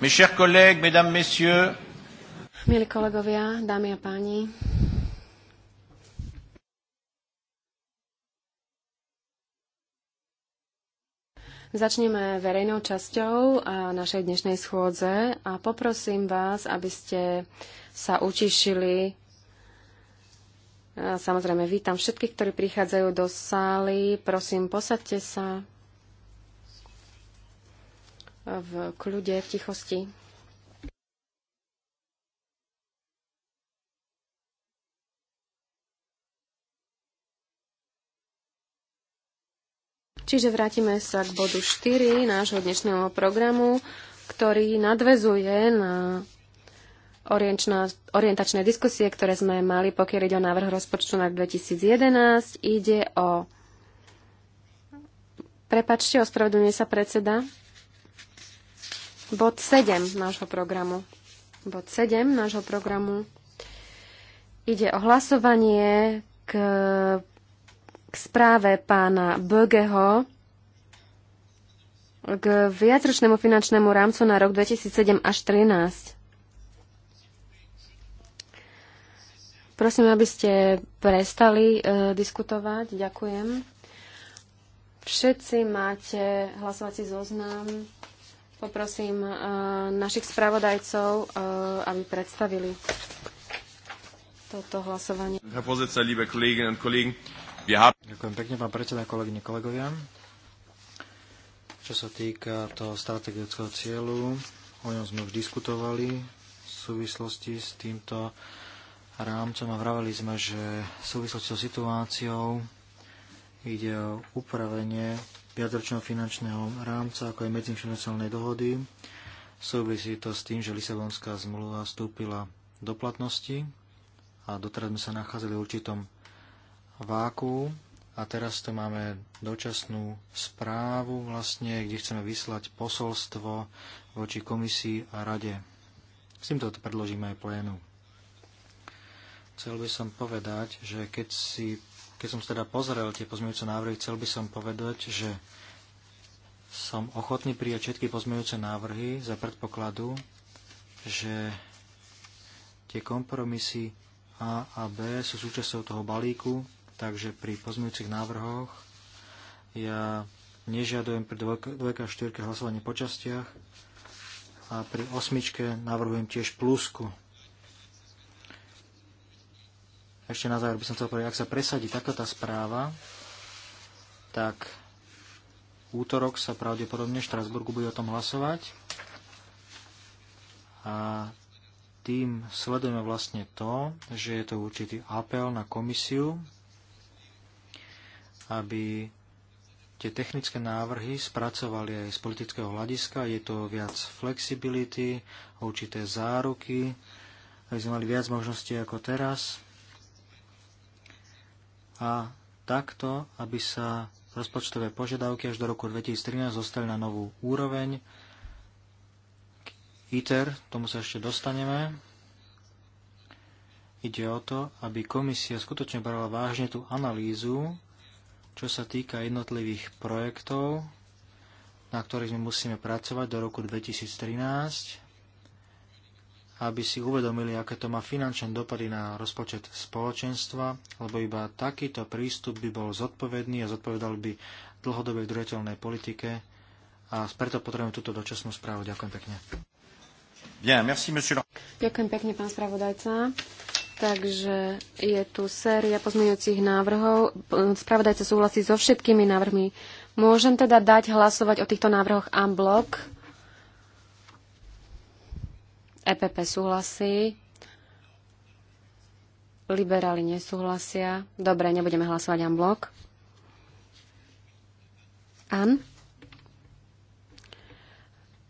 Mes chers collègues, mesdames, messieurs. Milí kolegovia, dámy a páni. Začneme verejnou časťou našej dnešnej schôdze a poprosím vás, aby ste sa utišili. Samozrejme, vítam všetkých, ktorí prichádzajú do sály. Prosím, posaďte sa v kľude, v tichosti. Čiže vrátime sa k bodu 4 nášho dnešného programu, ktorý nadvezuje na orientačné diskusie, ktoré sme mali, pokiaľ ide o návrh rozpočtu na 2011. Ide o... Prepačte, ospravedlňuje sa predseda bod 7 nášho programu. Bod 7 nášho programu ide o hlasovanie k, k správe pána Bögeho k viacročnému finančnému rámcu na rok 2007 až 2013. Prosím, aby ste prestali e, diskutovať. Ďakujem. Všetci máte hlasovací zoznam Poprosím e, našich spravodajcov, e, aby predstavili toto hlasovanie. Ďakujem pekne, pán predseda, kolegyne, kolegovia. Čo sa týka toho strategického cieľu, o ňom sme už diskutovali v súvislosti s týmto rámcom a vraveli sme, že v súvislosti so situáciou ide o upravenie viacročného finančného rámca, ako aj medzifinančnej dohody. Súvisí to s tým, že Lisabonská zmluva vstúpila do platnosti a doteraz sme sa nachádzali v určitom váku a teraz tu máme dočasnú správu, vlastne, kde chceme vyslať posolstvo voči komisii a rade. S týmto to predložíme aj plénu. Chcel by som povedať, že keď si keď som teda pozrel tie pozmeňujúce návrhy, chcel by som povedať, že som ochotný prijať všetky pozmeňujúce návrhy za predpokladu, že tie kompromisy A a B sú súčasťou toho balíku, takže pri pozmeňujúcich návrhoch ja nežiadujem pri 2 a 4 hlasovanie po častiach a pri osmičke navrhujem tiež plusku. Ešte na záver by som chcel povedať, ak sa presadí takáto tá správa, tak útorok sa pravdepodobne v Štrasburgu bude o tom hlasovať a tým sledujeme vlastne to, že je to určitý apel na komisiu, aby tie technické návrhy spracovali aj z politického hľadiska. Je to viac flexibility, určité záruky, aby sme mali viac možností ako teraz a takto, aby sa rozpočtové požiadavky až do roku 2013 zostali na novú úroveň. ITER, tomu sa ešte dostaneme. Ide o to, aby komisia skutočne brala vážne tú analýzu, čo sa týka jednotlivých projektov, na ktorých my musíme pracovať do roku 2013 aby si uvedomili, aké to má finančné dopady na rozpočet spoločenstva, lebo iba takýto prístup by bol zodpovedný a zodpovedal by dlhodobej druhateľnej politike a preto potrebujeme túto dočasnú správu. Ďakujem pekne. Bien, merci, monsieur. Ďakujem pekne, pán spravodajca. Takže je tu séria pozmeňujúcich návrhov. Spravodajca súhlasí so všetkými návrhmi. Môžem teda dať hlasovať o týchto návrhoch en bloc? EPP súhlasí. Liberáli nesúhlasia. Dobre, nebudeme hlasovať en blok. An?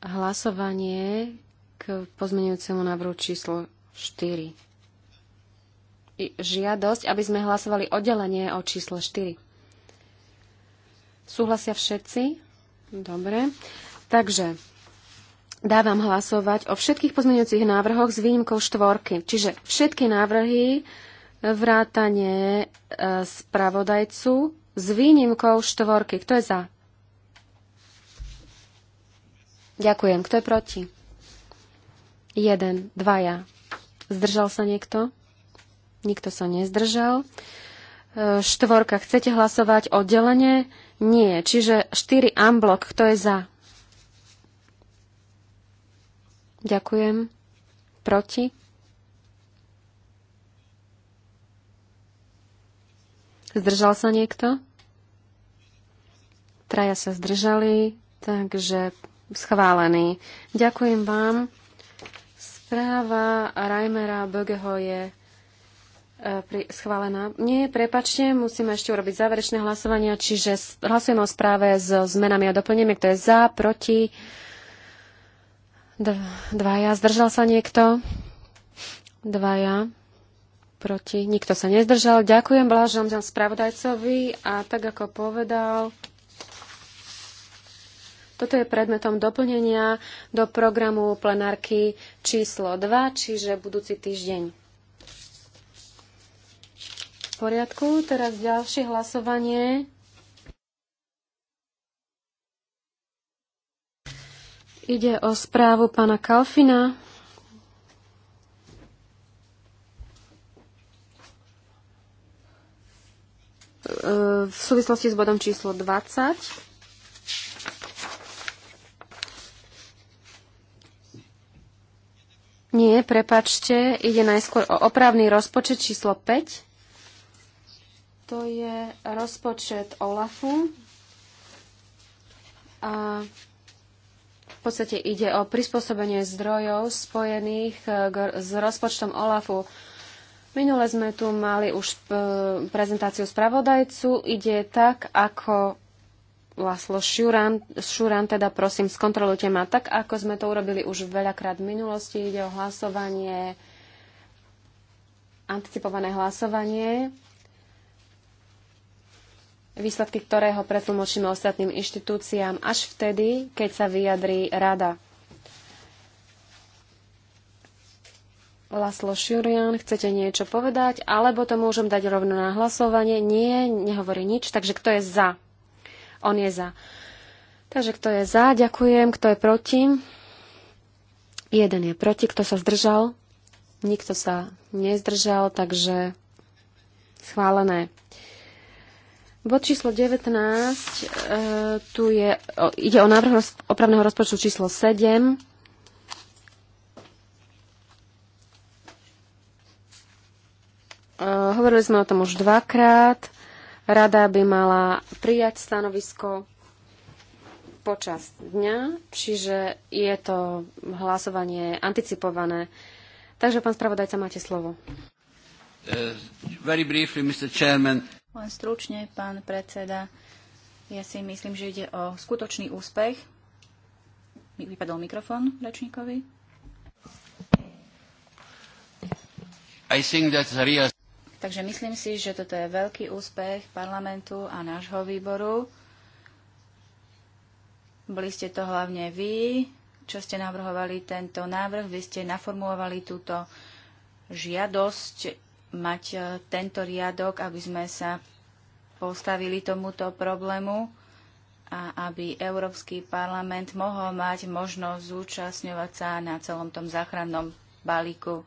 Hlasovanie k pozmenujúcemu návrhu číslo 4. žiadosť, aby sme hlasovali oddelenie o číslo 4. Súhlasia všetci? Dobre. Takže Dávam hlasovať o všetkých pozmeňujúcich návrhoch s výnimkou štvorky. Čiže všetky návrhy vrátanie e, spravodajcu s výnimkou štvorky. Kto je za? Ďakujem. Kto je proti? Jeden, dvaja. Zdržal sa niekto? Nikto sa nezdržal. E, štvorka. Chcete hlasovať oddelenie? Nie. Čiže štyri amblok. Kto je za? Ďakujem. Proti? Zdržal sa niekto? Traja sa zdržali, takže schválený. Ďakujem vám. Správa Reimera Bögeho je e, schválená. Nie, prepačte, musíme ešte urobiť záverečné hlasovania, čiže hlasujeme o správe s zmenami a doplneniami, kto je za, proti, Dvaja. Zdržal sa niekto? Dvaja. Proti. Nikto sa nezdržal. Ďakujem Blážom spravodajcovi a tak ako povedal, toto je predmetom doplnenia do programu plenárky číslo 2, čiže budúci týždeň. V poriadku, teraz ďalšie hlasovanie. ide o správu pána Kalfina. E, v súvislosti s bodom číslo 20. Nie, prepačte, ide najskôr o opravný rozpočet číslo 5. To je rozpočet OLAFu. A v podstate ide o prispôsobenie zdrojov spojených e, s rozpočtom OLAFu. Minule sme tu mali už e, prezentáciu spravodajcu. Ide tak, ako Laslo Šuran, Šuran, teda prosím, skontrolujte ma tak, ako sme to urobili už veľakrát v minulosti. Ide o hlasovanie, anticipované hlasovanie výsledky ktorého pretlmočíme ostatným inštitúciám až vtedy, keď sa vyjadrí rada. Laslo Šurian, chcete niečo povedať? Alebo to môžem dať rovno na hlasovanie? Nie, nehovorí nič. Takže kto je za? On je za. Takže kto je za, ďakujem. Kto je proti? Jeden je proti. Kto sa zdržal? Nikto sa nezdržal, takže schválené. Bod číslo 19, eh, tu je, ide o návrh roz, opravného rozpočtu číslo 7. Eh, hovorili sme o tom už dvakrát. Rada by mala prijať stanovisko počas dňa, čiže je to hlasovanie anticipované. Takže, pán spravodajca, máte slovo. Uh, very briefly, Mr. Chairman. Len stručne, pán predseda, ja si myslím, že ide o skutočný úspech. Vypadol mikrofón rečníkovi. I think that's a real... Takže myslím si, že toto je veľký úspech parlamentu a nášho výboru. Boli ste to hlavne vy, čo ste navrhovali tento návrh. Vy ste naformulovali túto žiadosť mať e, tento riadok, aby sme sa postavili tomuto problému a aby Európsky parlament mohol mať možnosť zúčastňovať sa na celom tom záchrannom balíku,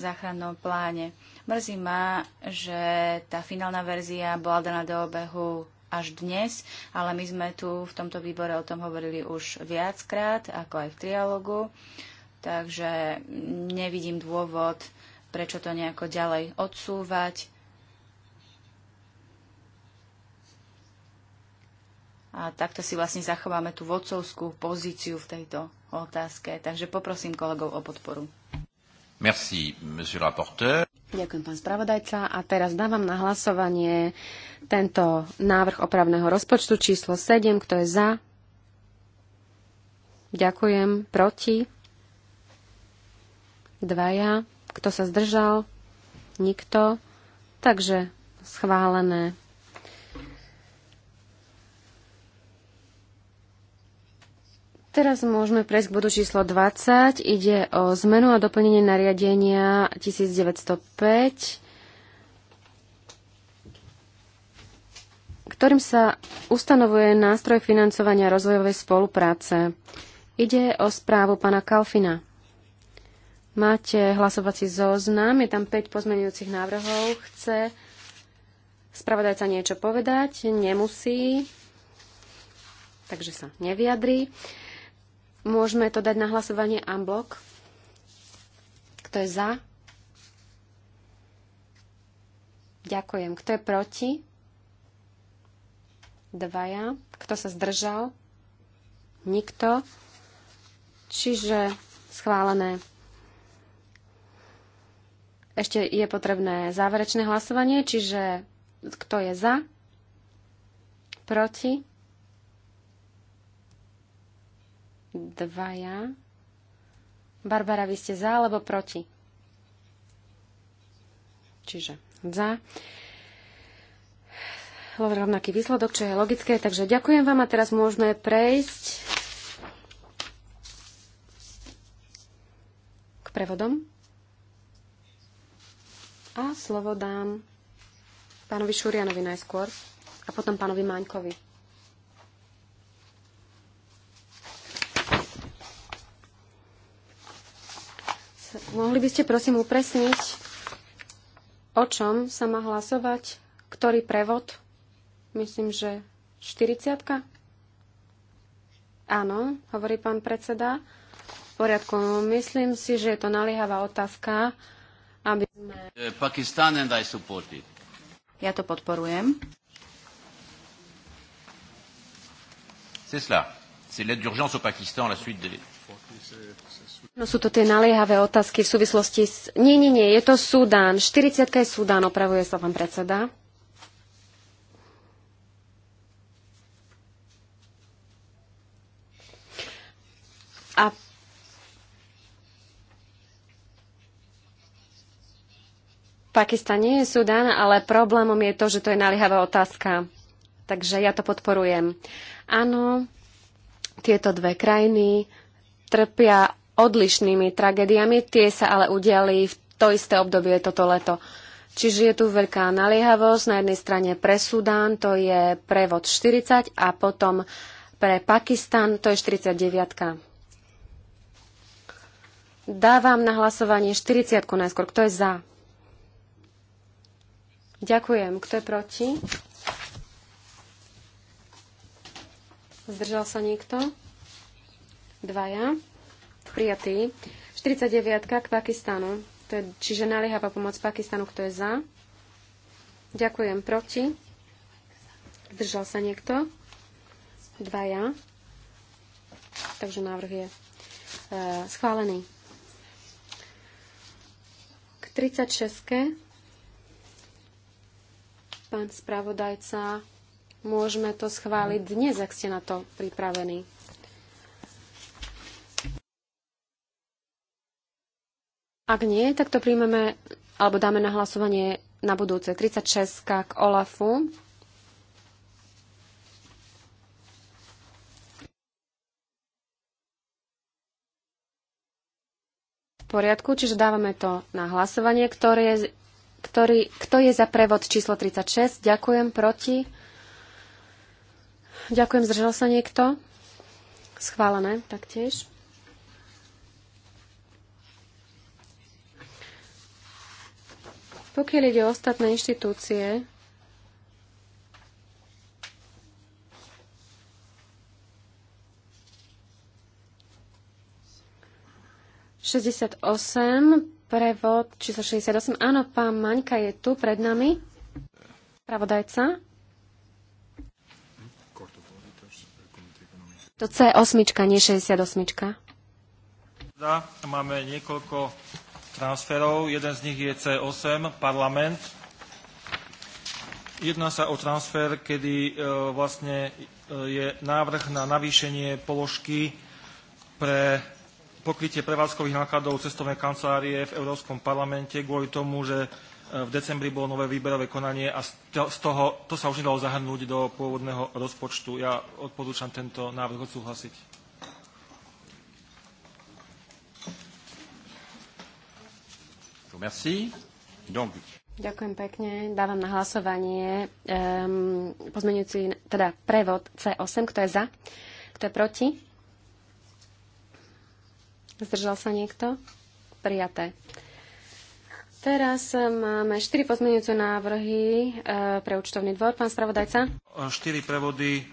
záchrannom pláne. Mrzí ma, že tá finálna verzia bola daná do obehu až dnes, ale my sme tu v tomto výbore o tom hovorili už viackrát, ako aj v trialogu, takže nevidím dôvod prečo to nejako ďalej odsúvať. A takto si vlastne zachováme tú vodcovskú pozíciu v tejto otázke. Takže poprosím kolegov o podporu. Merci, monsieur rapporteur. Ďakujem, pán spravodajca. A teraz dávam na hlasovanie tento návrh opravného rozpočtu číslo 7. Kto je za? Ďakujem. Proti? Dvaja. Kto sa zdržal? Nikto. Takže schválené. Teraz môžeme prejsť k bodu číslo 20. Ide o zmenu a doplnenie nariadenia 1905, ktorým sa ustanovuje nástroj financovania rozvojovej spolupráce. Ide o správu pana Kalfina. Máte hlasovací zoznam, je tam 5 pozmenujúcich návrhov. Chce spravodajca niečo povedať? Nemusí, takže sa nevyjadrí. Môžeme to dať na hlasovanie unblock. Kto je za? Ďakujem. Kto je proti? Dvaja. Kto sa zdržal? Nikto. Čiže schválené. Ešte je potrebné záverečné hlasovanie, čiže kto je za, proti, dvaja. Barbara, vy ste za alebo proti? Čiže za rovnaký výsledok, čo je logické. Takže ďakujem vám a teraz môžeme prejsť k prevodom. A slovo dám pánovi Šurianovi najskôr a potom pánovi Maňkovi. Mohli by ste prosím upresniť, o čom sa má hlasovať, ktorý prevod? Myslím, že 40 Áno, hovorí pán predseda. V poriadku, myslím si, že je to naliehavá otázka aby sme... Ja to podporujem. No sú to tie naliehavé otázky v súvislosti s... Nie, nie, nie, je to Sudán. 40 je Sudán, opravuje sa pán predseda. Pakistane je Sudán, ale problémom je to, že to je naliehavá otázka. Takže ja to podporujem. Áno, tieto dve krajiny trpia odlišnými tragédiami, tie sa ale udiali v to isté obdobie toto leto. Čiže je tu veľká naliehavosť, na jednej strane pre Sudán to je prevod 40 a potom pre Pakistan to je 49. Dávam na hlasovanie 40 najskôr. Kto je za? Ďakujem. Kto je proti? Zdržal sa niekto? Dvaja. Prijatý. 49. k Pakistanu. To je, čiže naliehavá pomoc Pakistanu. Kto je za? Ďakujem. Proti? Zdržal sa niekto? Dvaja. Takže návrh je e, schválený. K 36. Pán spravodajca, môžeme to schváliť dnes, ak ste na to pripravení. Ak nie, tak to príjmeme alebo dáme na hlasovanie na budúce 36 k OLAFu. V poriadku, čiže dávame to na hlasovanie, ktoré je ktorý, kto je za prevod číslo 36? Ďakujem, proti. Ďakujem, zdržal sa niekto? Schválené taktiež. Pokiaľ ide o ostatné inštitúcie, Šesťdesiat osem prevod číslo 68. Áno, pán Maňka je tu pred nami. Pravodajca. To C8, nie 68. Máme niekoľko transferov. Jeden z nich je C8, parlament. Jedná sa o transfer, kedy e, vlastne e, je návrh na navýšenie položky pre pokrytie prevádzkových nákladov cestovnej kancelárie v Európskom parlamente kvôli tomu, že e, v decembri bolo nové výberové konanie a z toho to sa už nedalo zahrnúť do pôvodného rozpočtu. Ja odporúčam tento návrh odsúhlasiť. Merci. Donc. Ďakujem pekne. Dávam na hlasovanie um, pozmenujúci, teda prevod C8. Kto je za? Kto je proti? Zdržal sa niekto? Prijaté. Teraz eh, máme 4 pozmeňujúce návrhy eh, pre účtovný dvor. Pán spravodajca. 4 eh, prevody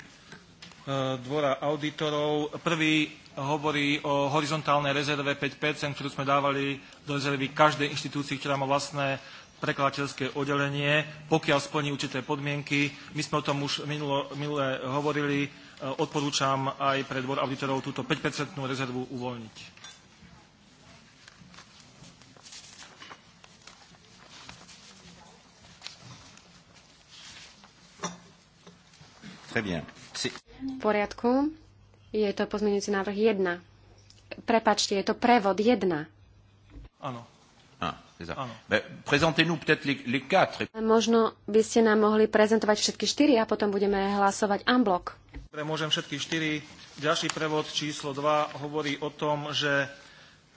dvora auditorov. Prvý hovorí o horizontálnej rezerve 5%, ktorú sme dávali do rezervy každej inštitúcii, ktorá má vlastné prekladateľské oddelenie, pokiaľ splní určité podmienky. My sme o tom už minulo, minule hovorili. Odporúčam aj pre dvor auditorov túto 5% rezervu uvoľniť. Très bien. V poriadku. Je to pozmeňujúci návrh 1. Prepačte, je to prevod 1. Áno. Možno by ste nám mohli prezentovať všetky štyri a potom budeme hlasovať unblock. Môžem všetky štyri. Ďalší prevod číslo 2 hovorí o tom, že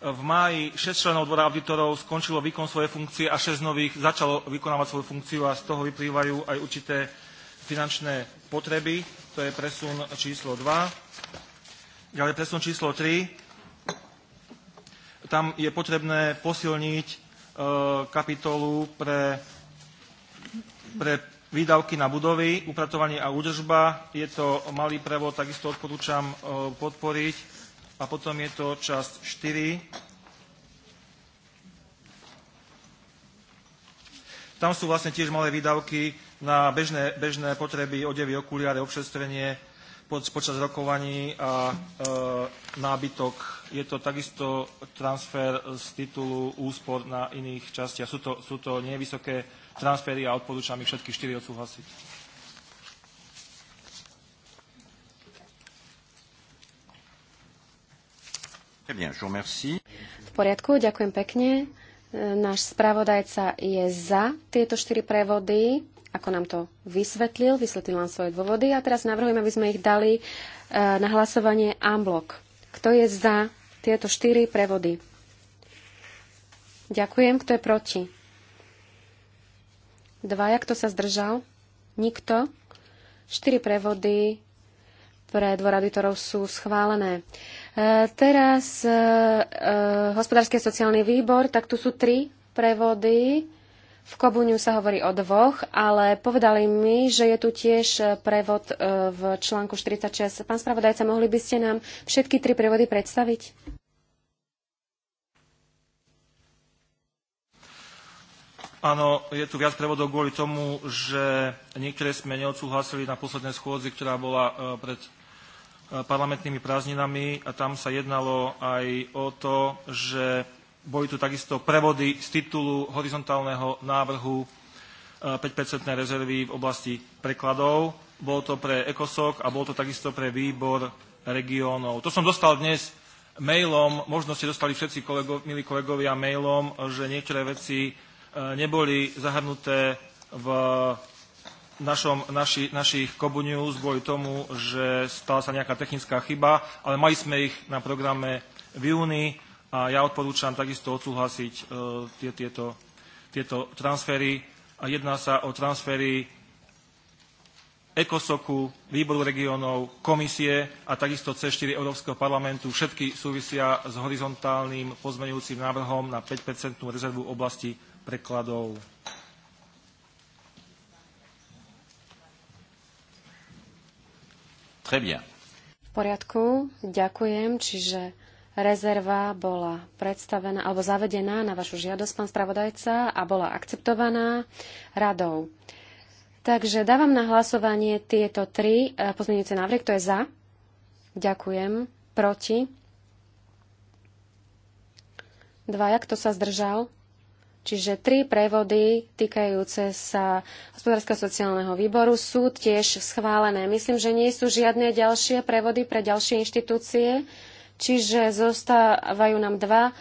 v máji 6 členov dvora auditorov skončilo výkon svojej funkcie a 6 nových začalo vykonávať svoju funkciu a z toho vyplývajú aj určité finančné potreby, to je presun číslo 2. Ďalej presun číslo 3. Tam je potrebné posilniť e, kapitolu pre, pre výdavky na budovy, upratovanie a údržba. Je to malý prevod, takisto odporúčam e, podporiť. A potom je to časť 4. Tam sú vlastne tiež malé výdavky na bežné, bežné potreby, odevy, okuliare, obšestrenie pod, počas rokovaní a e, nábytok. Je to takisto transfer z titulu úspor na iných častiach. Sú to, sú to nevysoké transfery a odporúčam ich všetky štyri odsúhlasiť. Eh v poriadku, ďakujem pekne. E, náš spravodajca je za tieto štyri prevody ako nám to vysvetlil, vysvetlil nám svoje dôvody a teraz navrhujem, aby sme ich dali e, na hlasovanie Amblok. Kto je za tieto štyri prevody? Ďakujem. Kto je proti? Dvaja. Kto sa zdržal? Nikto. Štyri prevody pre dvor auditorov sú schválené. E, teraz e, e, hospodársky a sociálny výbor, tak tu sú tri prevody. V Kobuňu sa hovorí o dvoch, ale povedali mi, že je tu tiež e, prevod e, v článku 46. Pán spravodajca, mohli by ste nám všetky tri prevody predstaviť? Áno, je tu viac prevodov kvôli tomu, že niektoré sme neodsúhlasili na poslednej schôdzi, ktorá bola e, pred parlamentnými prázdninami a tam sa jednalo aj o to, že boli tu takisto prevody z titulu horizontálneho návrhu 5 e, rezervy v oblasti prekladov. Bolo to pre ECOSOC a bolo to takisto pre výbor regiónov. To som dostal dnes mailom, možno ste dostali všetci kolego, milí kolegovia mailom, že niektoré veci e, neboli zahrnuté v našom, naši, našich Kobu News kvôli tomu, že stala sa nejaká technická chyba, ale mali sme ich na programe v júni a ja odporúčam takisto odsúhlasiť e, tie, tieto, tieto transfery. A jedná sa o transfery ECOSOKu, Výboru regiónov, komisie a takisto C4 Európskeho parlamentu. Všetky súvisia s horizontálnym pozmeňujúcim návrhom na 5-percentnú rezervu v oblasti prekladov. Très bien. V poriadku, ďakujem. Čiže rezerva bola predstavená alebo zavedená na vašu žiadosť, pán spravodajca, a bola akceptovaná radou. Takže dávam na hlasovanie tieto tri eh, pozmeňujúce návrhy. Kto je za? Ďakujem. Proti? Dvaja. Kto sa zdržal? Čiže tri prevody týkajúce sa hospodárskeho sociálneho výboru sú tiež schválené. Myslím, že nie sú žiadne ďalšie prevody pre ďalšie inštitúcie. Čiže zostávajú nám dva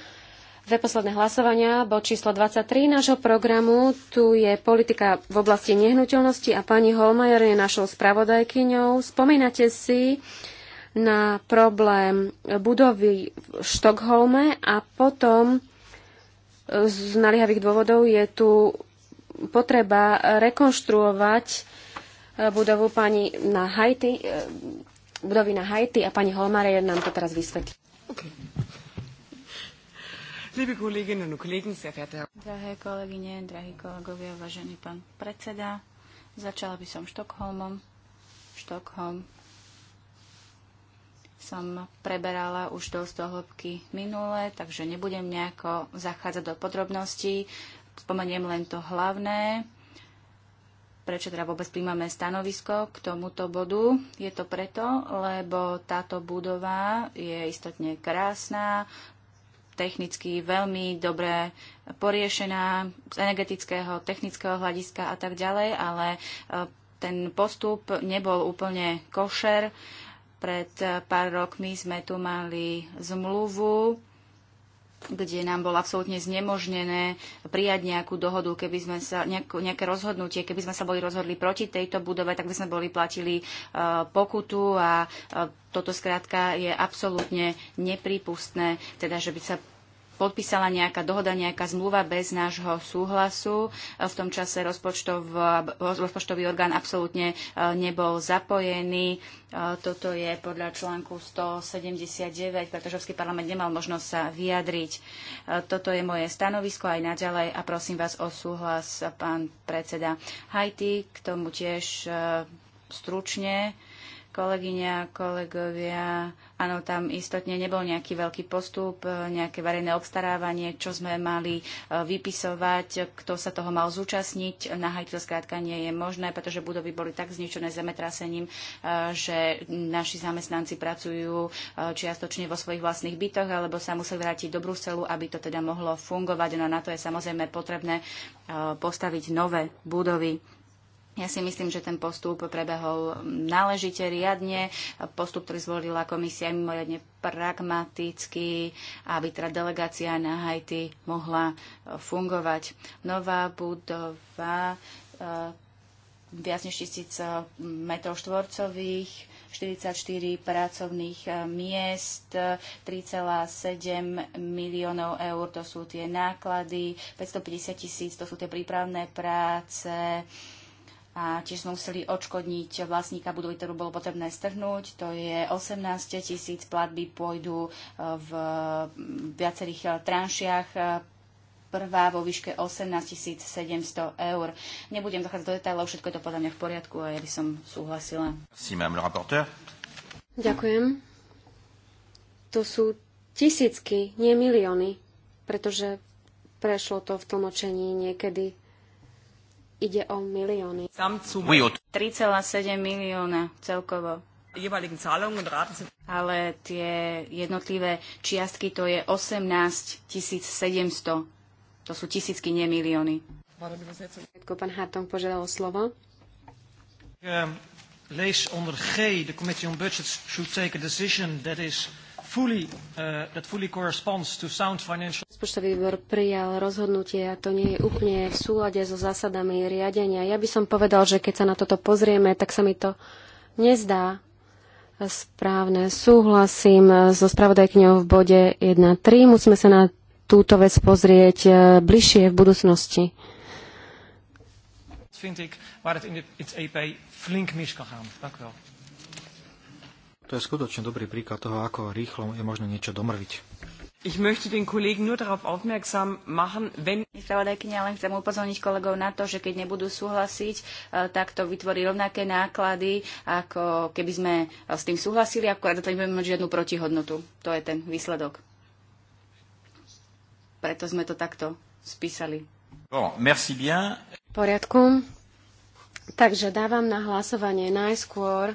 dve posledné hlasovania, bod číslo 23 nášho programu. Tu je politika v oblasti nehnuteľnosti a pani Holmajer je našou spravodajkyňou. Spomínate si na problém budovy v Štokholme a potom z naliehavých dôvodov je tu potreba rekonštruovať budovu pani na Haiti budovy na Haiti a pani Holmarejer nám to teraz vysvetlí. Drahé kolegyne, drahí kolegovia, vážený pán predseda, začala by som Štokholmom. Štokholm som preberala už dosť do hĺbky minule, takže nebudem nejako zachádzať do podrobností. Spomeniem len to hlavné prečo teda vôbec príjmame stanovisko k tomuto bodu. Je to preto, lebo táto budova je istotne krásna, technicky veľmi dobre poriešená z energetického, technického hľadiska a tak ďalej, ale e, ten postup nebol úplne košer. Pred e, pár rokmi sme tu mali zmluvu kde nám bolo absolútne znemožnené prijať nejakú dohodu, keby sme sa, nejakú, nejaké rozhodnutie, keby sme sa boli rozhodli proti tejto budove, tak by sme boli platili uh, pokutu a uh, toto skrátka je absolútne neprípustné, teda že by sa podpísala nejaká dohoda, nejaká zmluva bez nášho súhlasu. V tom čase rozpočtov, rozpočtový orgán absolútne e, nebol zapojený. E, toto je podľa článku 179, pretože Európsky parlament nemal možnosť sa vyjadriť. E, toto je moje stanovisko aj naďalej a prosím vás o súhlas, pán predseda Hajty, k tomu tiež stručne Kolegyňa, kolegovia, áno, tam istotne nebol nejaký veľký postup, e, nejaké verejné obstarávanie, čo sme mali e, vypisovať, kto sa toho mal zúčastniť. Na Haiti to skrátka nie je možné, pretože budovy boli tak zničené zemetrasením, e, že naši zamestnanci pracujú čiastočne vo svojich vlastných bytoch, alebo sa museli vrátiť do Bruselu, aby to teda mohlo fungovať. No na to je samozrejme potrebné postaviť nové budovy. Ja si myslím, že ten postup prebehol náležite, riadne. Postup, ktorý zvolila komisia, je mimoriadne pragmatický, aby teda delegácia na Haiti mohla e, fungovať. Nová budova e, viac než tisíc e, metrov štvorcových, 44 pracovných miest, 3,7 miliónov eur, to sú tie náklady, 550 tisíc, to sú tie prípravné práce, a tiež sme museli odškodniť vlastníka budovy, ktorú bolo potrebné strhnúť. To je 18 tisíc platby pôjdu e, v viacerých e, tranšiach e, prvá vo výške 18 700 eur. Nebudem zachádzať do detailov, všetko je to podľa mňa v poriadku a ja by som súhlasila. Ďakujem. To sú tisícky, nie milióny, pretože prešlo to v tlmočení niekedy Ide o milióny. 3,7 milióna celkovo. Ale tie jednotlivé čiastky to je 18 700. To sú tisícky, nie milióny. Pán Hartong požiadal o slovo. Ehm, lees onder G, de Committee on Budgets should take a decision that is fully, uh, that fully corresponds to sound financial... Rozpočtový výbor prijal rozhodnutie a to nie je úplne v súlade so zásadami riadenia. Ja by som povedal, že keď sa na toto pozrieme, tak sa mi to nezdá správne. Súhlasím so spravodajkňou v bode 1.3. Musíme sa na túto vec pozrieť uh, bližšie v budúcnosti. waar het in EP e flink mis kan gaan. Dank u wel. To je skutočne dobrý príklad toho, ako rýchlo je možné niečo domrviť. Ich möchte den Kollegen nur darauf aufmerksam machen, wenn... Spravodajkynia, len chcem upozorniť kolegov na to, že keď nebudú súhlasiť, e, tak to vytvorí rovnaké náklady, ako keby sme e, s tým súhlasili, akorát to nebudeme mať žiadnu protihodnotu. To je ten výsledok. Preto sme to takto spísali. Bon, merci bien. poriadku. Takže dávam na hlasovanie najskôr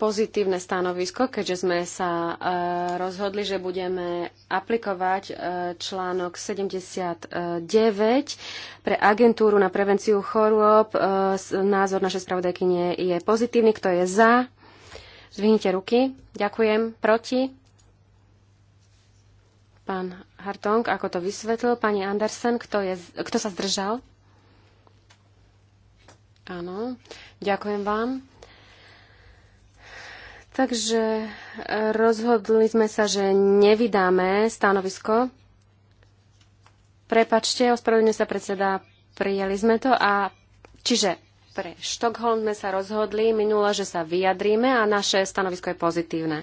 pozitívne stanovisko, keďže sme sa eh, rozhodli, že budeme aplikovať eh, článok 79 pre agentúru na prevenciu chorôb. Eh, názor našej spravodajkyne je pozitívny. Kto je za? Zvihnite ruky. Ďakujem. Proti? Pán Hartong, ako to vysvetlil. Pani Andersen, kto, je, kto sa zdržal? Áno. Ďakujem vám. Takže e, rozhodli sme sa, že nevydáme stanovisko. Prepačte, ospravedlňujem sa predseda, prijali sme to a čiže pre Štokholm sme sa rozhodli minule, že sa vyjadríme a naše stanovisko je pozitívne.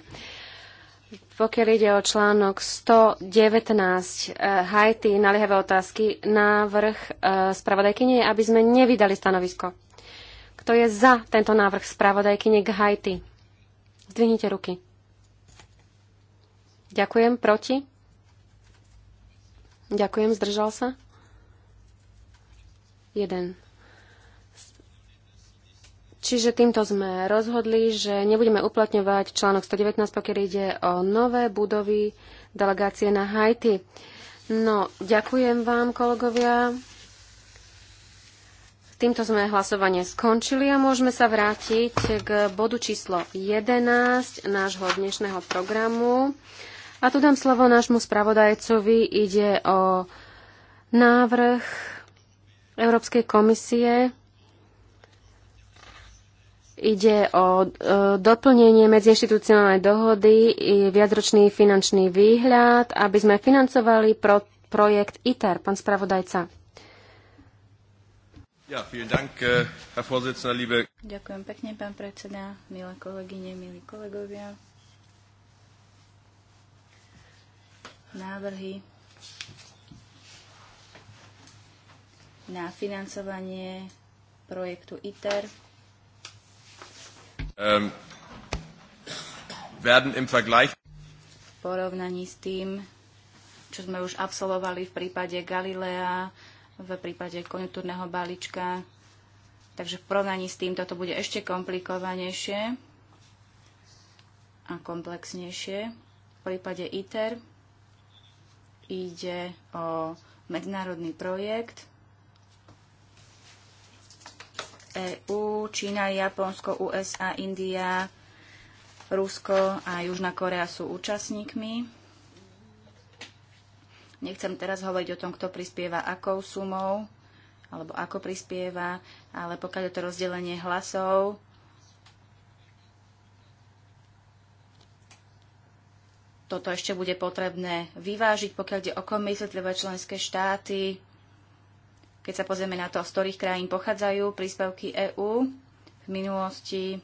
Pokiaľ ide o článok 119 e, Haiti, naliehavé otázky, návrh e, spravodajkyne je, aby sme nevydali stanovisko. Kto je za tento návrh spravodajkyne k Haiti? Zdvihnite ruky. Ďakujem. Proti? Ďakujem. Zdržal sa? Jeden. Čiže týmto sme rozhodli, že nebudeme uplatňovať článok 119, pokiaľ ide o nové budovy delegácie na Haiti. No, ďakujem vám, kolegovia. Týmto sme hlasovanie skončili a môžeme sa vrátiť k bodu číslo 11 nášho dnešného programu. A tu dám slovo nášmu spravodajcovi. Ide o návrh Európskej komisie Ide o e, doplnenie medziinstitucionálnej dohody i viacročný finančný výhľad, aby sme financovali pro, projekt ITER. Pán spravodajca. Ja, dank, äh, liebe... Ďakujem pekne, pán predseda, milé kolegyne, milí kolegovia. Návrhy na financovanie projektu ITER um, werden im Vergleich v porovnaní s tým, čo sme už absolvovali v prípade Galilea, v prípade konjunktúrneho balíčka. Takže v porovnaní s týmto to bude ešte komplikovanejšie a komplexnejšie. V prípade ITER ide o medzinárodný projekt EU, Čína, Japonsko, USA, India, Rusko a Južná Korea sú účastníkmi. Nechcem teraz hovoriť o tom, kto prispieva akou sumou, alebo ako prispieva, ale pokiaľ je to rozdelenie hlasov, toto ešte bude potrebné vyvážiť, pokiaľ ide o komisitlivé členské štáty, keď sa pozrieme na to, z ktorých krajín pochádzajú príspevky EÚ v minulosti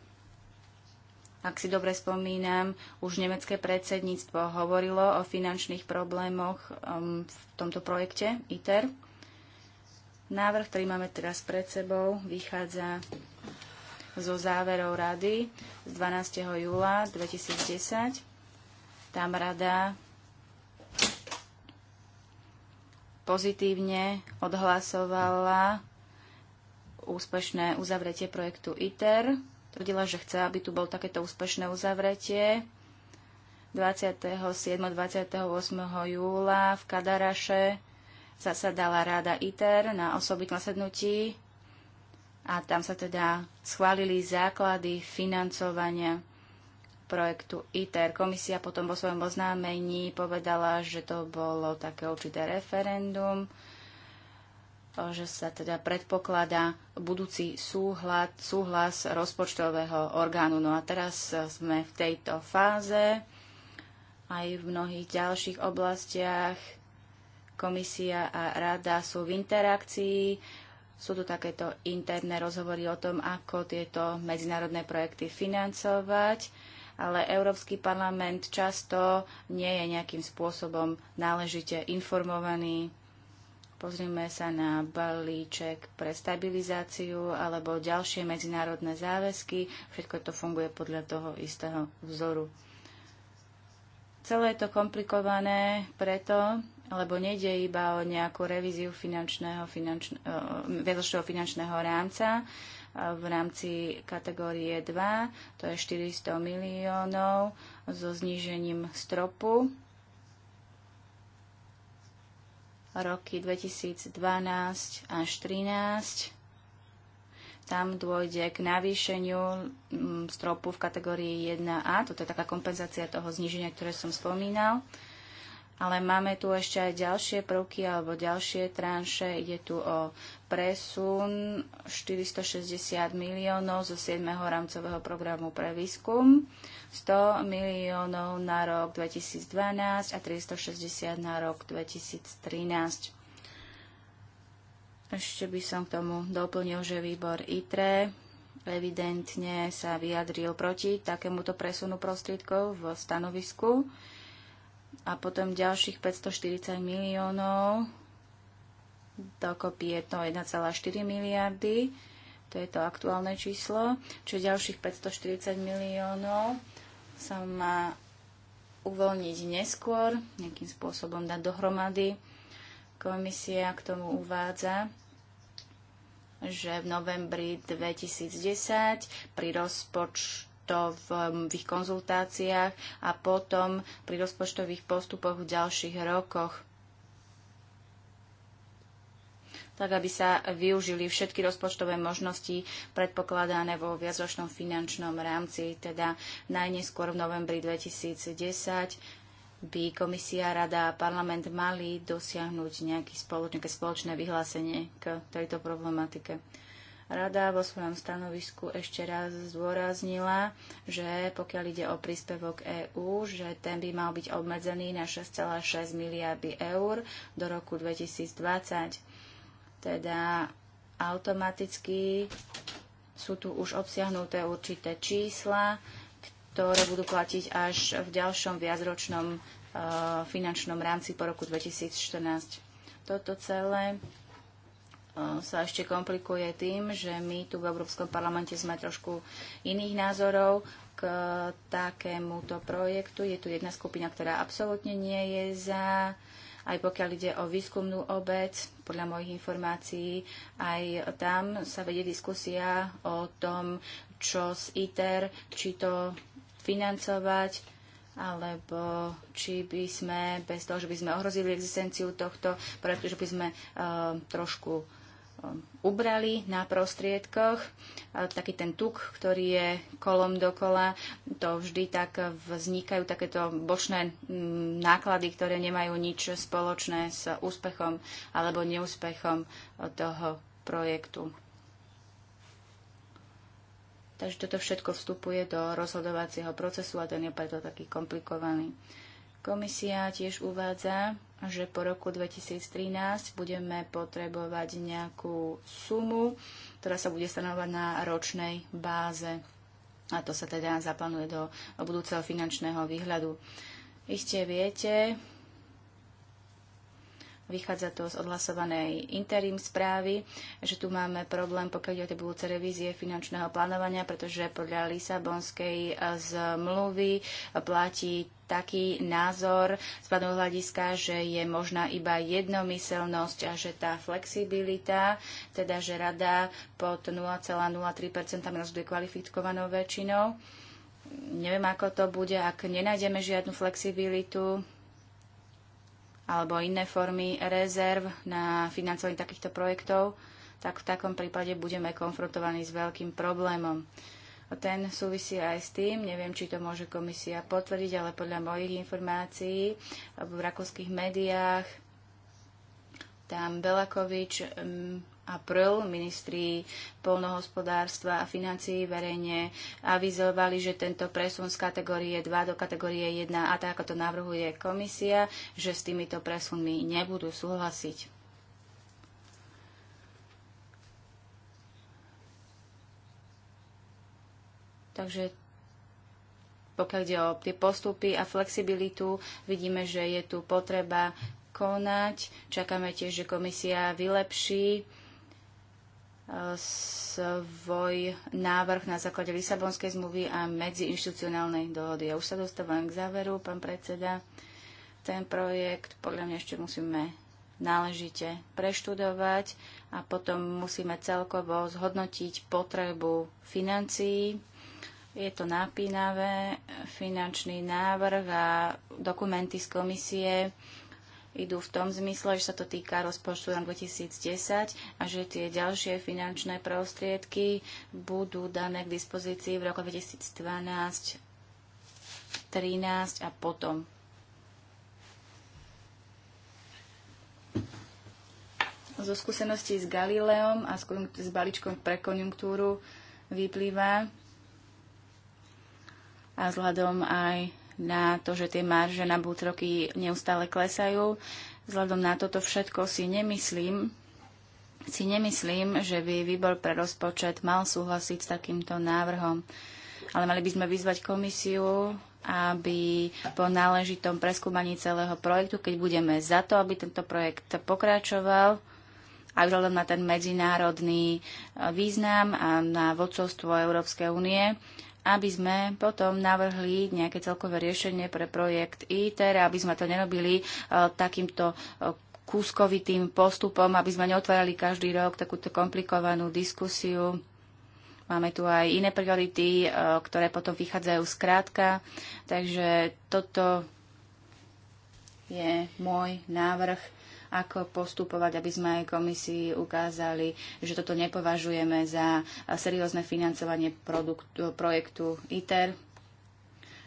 ak si dobre spomínam, už nemecké predsedníctvo hovorilo o finančných problémoch um, v tomto projekte ITER. Návrh, ktorý máme teraz pred sebou, vychádza zo záverov rady z 12. júla 2010. Tam rada pozitívne odhlasovala úspešné uzavretie projektu ITER tvrdila, že chce, aby tu bol takéto úspešné uzavretie 27. 28. júla v Kadaraše zasadala ráda ITER na osobitné sednutí a tam sa teda schválili základy financovania projektu ITER. Komisia potom vo svojom oznámení povedala, že to bolo také určité referendum, že sa teda predpokladá budúci súhlas, súhlas rozpočtového orgánu. No a teraz sme v tejto fáze, aj v mnohých ďalších oblastiach. Komisia a rada sú v interakcii. Sú tu takéto interné rozhovory o tom, ako tieto medzinárodné projekty financovať, ale Európsky parlament často nie je nejakým spôsobom náležite informovaný Pozrime sa na balíček pre stabilizáciu alebo ďalšie medzinárodné záväzky. Všetko to funguje podľa toho istého vzoru. Celé je to komplikované preto, lebo nejde iba o nejakú revíziu finančného, finančn- e, vedľšieho finančného rámca e, v rámci kategórie 2, to je 400 miliónov so znížením stropu roky 2012 až 2013. Tam dôjde k navýšeniu mm, stropu v kategórii 1A, toto je taká kompenzácia toho zniženia, ktoré som spomínal. Ale máme tu ešte aj ďalšie prvky alebo ďalšie tranše. Ide tu o presun 460 miliónov zo 7. rámcového programu pre výskum, 100 miliónov na rok 2012 a 360 na rok 2013. Ešte by som k tomu doplnil, že výbor ITRE evidentne sa vyjadril proti takémuto presunu prostriedkov v stanovisku a potom ďalších 540 miliónov dokopy je to 1,4 miliardy, to je to aktuálne číslo, čo ďalších 540 miliónov sa má uvoľniť neskôr, nejakým spôsobom dať dohromady. Komisia k tomu uvádza, že v novembri 2010 pri rozpočtových v konzultáciách a potom pri rozpočtových postupoch v ďalších rokoch tak aby sa využili všetky rozpočtové možnosti predpokladané vo viacročnom finančnom rámci, teda najneskôr v novembri 2010 by komisia, rada a parlament mali dosiahnuť nejaké spoločné, spoločné vyhlásenie k tejto problematike. Rada vo svojom stanovisku ešte raz zdôraznila, že pokiaľ ide o príspevok EÚ, že ten by mal byť obmedzený na 6,6 miliardy eur do roku 2020 teda automaticky sú tu už obsiahnuté určité čísla, ktoré budú platiť až v ďalšom viacročnom e, finančnom rámci po roku 2014. Toto celé e, sa ešte komplikuje tým, že my tu v Európskom parlamente sme trošku iných názorov k takémuto projektu. Je tu jedna skupina, ktorá absolútne nie je za aj pokiaľ ide o výskumnú obec, podľa mojich informácií, aj tam sa vedie diskusia o tom, čo z ITER, či to financovať, alebo či by sme, bez toho, že by sme ohrozili existenciu tohto projektu, že by sme uh, trošku Um, ubrali na prostriedkoch. Taký ten tuk, ktorý je kolom dokola, to vždy tak vznikajú takéto bočné mm, náklady, ktoré nemajú nič spoločné s úspechom alebo neúspechom toho projektu. Takže toto všetko vstupuje do rozhodovacieho procesu a ten je preto taký komplikovaný. Komisia tiež uvádza, že po roku 2013 budeme potrebovať nejakú sumu, ktorá sa bude stanovať na ročnej báze. A to sa teda zaplánuje do budúceho finančného výhľadu. Iste viete, Vychádza to z odhlasovanej interim správy, že tu máme problém, pokiaľ ide o budúce revízie finančného plánovania, pretože podľa Lisabonskej e, zmluvy e, platí taký názor z plánového hľadiska, že je možná iba jednomyselnosť a že tá flexibilita, teda že rada pod 0,03% rozhoduje kvalifikovanou väčšinou. Neviem, ako to bude, ak nenájdeme žiadnu flexibilitu, alebo iné formy rezerv na financovanie takýchto projektov, tak v takom prípade budeme konfrontovaní s veľkým problémom. Ten súvisí aj s tým, neviem, či to môže komisia potvrdiť, ale podľa mojich informácií v rakúskych médiách tam Belakovič mm, apríl ministri polnohospodárstva a financií verejne avizovali, že tento presun z kategórie 2 do kategórie 1 a tak, ako to navrhuje komisia, že s týmito presunmi nebudú súhlasiť. Takže pokiaľ ide o tie postupy a flexibilitu, vidíme, že je tu potreba konať. Čakáme tiež, že komisia vylepší svoj návrh na základe Lisabonskej zmluvy a medziinstitucionálnej dohody. Ja už sa dostávam k záveru, pán predseda. Ten projekt podľa mňa ešte musíme náležite preštudovať a potom musíme celkovo zhodnotiť potrebu financií. Je to napínavé, finančný návrh a dokumenty z komisie idú v tom zmysle, že sa to týka rozpočtu na 2010 a že tie ďalšie finančné prostriedky budú dané k dispozícii v roku 2012, 2013 a potom. Zo skúseností s Galileom a s balíčkom pre konjunktúru vyplýva a vzhľadom aj na to, že tie marže na bútroky neustále klesajú. Vzhľadom na toto všetko si nemyslím, si nemyslím, že by výbor pre rozpočet mal súhlasiť s takýmto návrhom. Ale mali by sme vyzvať komisiu, aby po náležitom preskúmaní celého projektu, keď budeme za to, aby tento projekt pokračoval, a vzhľadom na ten medzinárodný e, význam a na vodcovstvo Európskej únie, aby sme potom navrhli nejaké celkové riešenie pre projekt ITER, aby sme to nerobili e, takýmto e, kúskovitým postupom, aby sme neotvárali každý rok takúto komplikovanú diskusiu. Máme tu aj iné priority, e, ktoré potom vychádzajú zkrátka. Takže toto je môj návrh ako postupovať, aby sme aj komisii ukázali, že toto nepovažujeme za seriózne financovanie projektu ITER,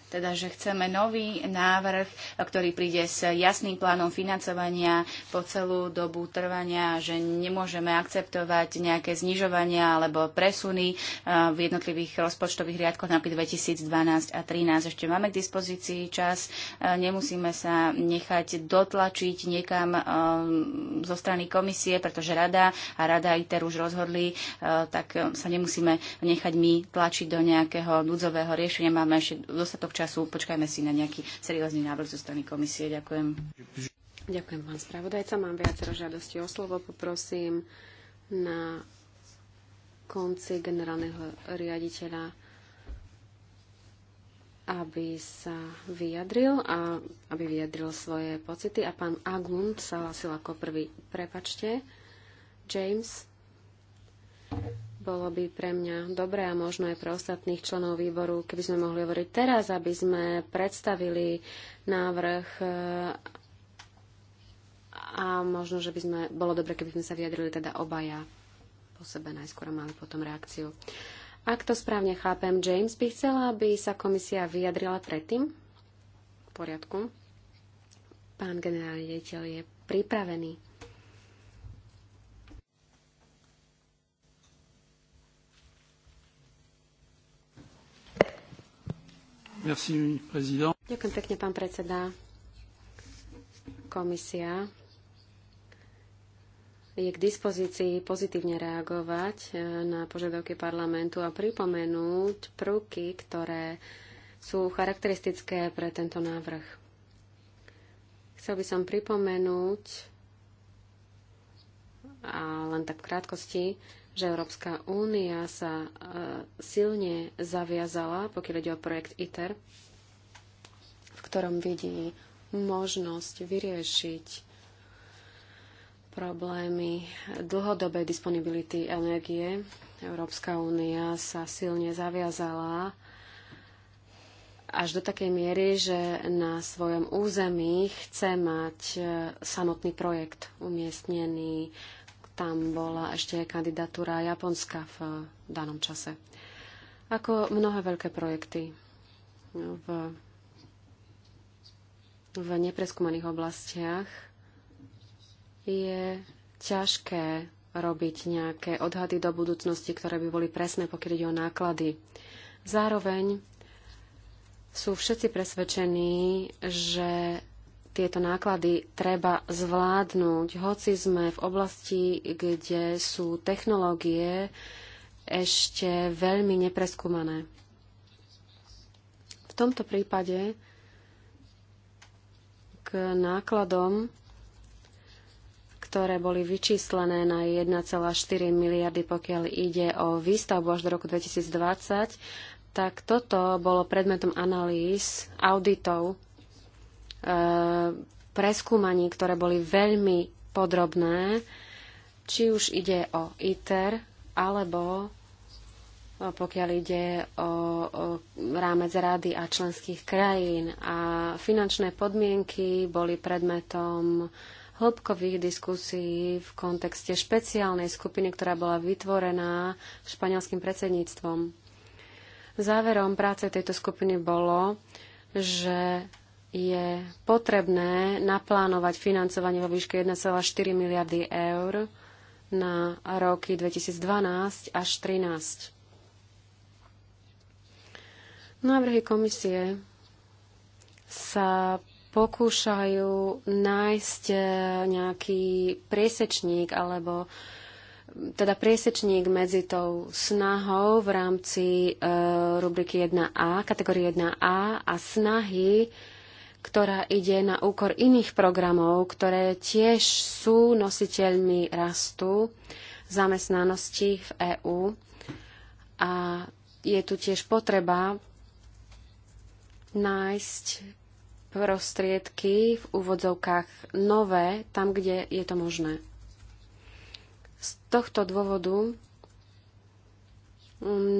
teda že chceme nový návrh, ktorý príde s jasným plánom financovania po celú dobu trvania, že nemôžeme akceptovať nejaké znižovania alebo presuny eh, v jednotlivých rozpočtových riadkoch na 2012 a 2013. Ešte máme k dispozícii čas, eh, nemusíme sa nechať dotlačiť niekam eh, zo strany komisie, pretože rada a rada ITER už rozhodli, tak sa nemusíme nechať my tlačiť do nejakého núdzového riešenia. Máme ešte dostatok času. Počkajme si na nejaký seriózny návrh zo strany komisie. Ďakujem. Ďakujem, pán spravodajca. Mám viacero žiadosti o slovo. Poprosím na konci generálneho riaditeľa, aby sa vyjadril a aby vyjadril svoje pocity. A pán Aglund sa hlasil ako prvý. Prepačte, James. Bolo by pre mňa dobré a možno aj pre ostatných členov výboru, keby sme mohli hovoriť teraz, aby sme predstavili návrh eh, a možno, že by sme, bolo dobre, keby sme sa vyjadrili teda obaja po sebe najskôr mali potom reakciu. Ak to správne chápem, James by chcela, aby sa komisia vyjadrila predtým? V poriadku. Pán generálny je pripravený. Ďakujem pekne, pán predseda. Komisia je k dispozícii pozitívne reagovať e, na požiadavky parlamentu a pripomenúť prvky, ktoré sú charakteristické pre tento návrh. Chcel by som pripomenúť, a len tak v krátkosti, že Európska únia sa e, silne zaviazala, pokiaľ ide o projekt ITER, v ktorom vidí možnosť vyriešiť problémy dlhodobej disponibility energie. Európska únia sa silne zaviazala až do takej miery, že na svojom území chce mať e, samotný projekt umiestnený tam bola ešte kandidatúra Japonska v danom čase. Ako mnohé veľké projekty v, v nepreskúmaných oblastiach je ťažké robiť nejaké odhady do budúcnosti, ktoré by boli presné, pokiaľ ide o náklady. Zároveň sú všetci presvedčení, že tieto náklady treba zvládnuť, hoci sme v oblasti, kde sú technológie ešte veľmi nepreskúmané. V tomto prípade k nákladom, ktoré boli vyčíslené na 1,4 miliardy, pokiaľ ide o výstavbu až do roku 2020, tak toto bolo predmetom analýz, auditov Eh, preskúmaní, ktoré boli veľmi podrobné, či už ide o ITER, alebo eh, pokiaľ ide o, o rámec rady a členských krajín. A finančné podmienky boli predmetom hĺbkových diskusí v kontexte špeciálnej skupiny, ktorá bola vytvorená španielským predsedníctvom. Záverom práce tejto skupiny bolo, že je potrebné naplánovať financovanie vo výške 1,4 miliardy eur na roky 2012 až 2013. Návrhy komisie sa pokúšajú nájsť eh, nejaký priesečník alebo teda priesečník medzi tou snahou v rámci e, rubriky 1A, kategórie 1A a snahy e, ktorá ide na úkor iných programov, ktoré tiež sú nositeľmi rastu zamestnanosti v EÚ. A je tu tiež potreba nájsť prostriedky v úvodzovkách nové, tam, kde je to možné. Z tohto dôvodu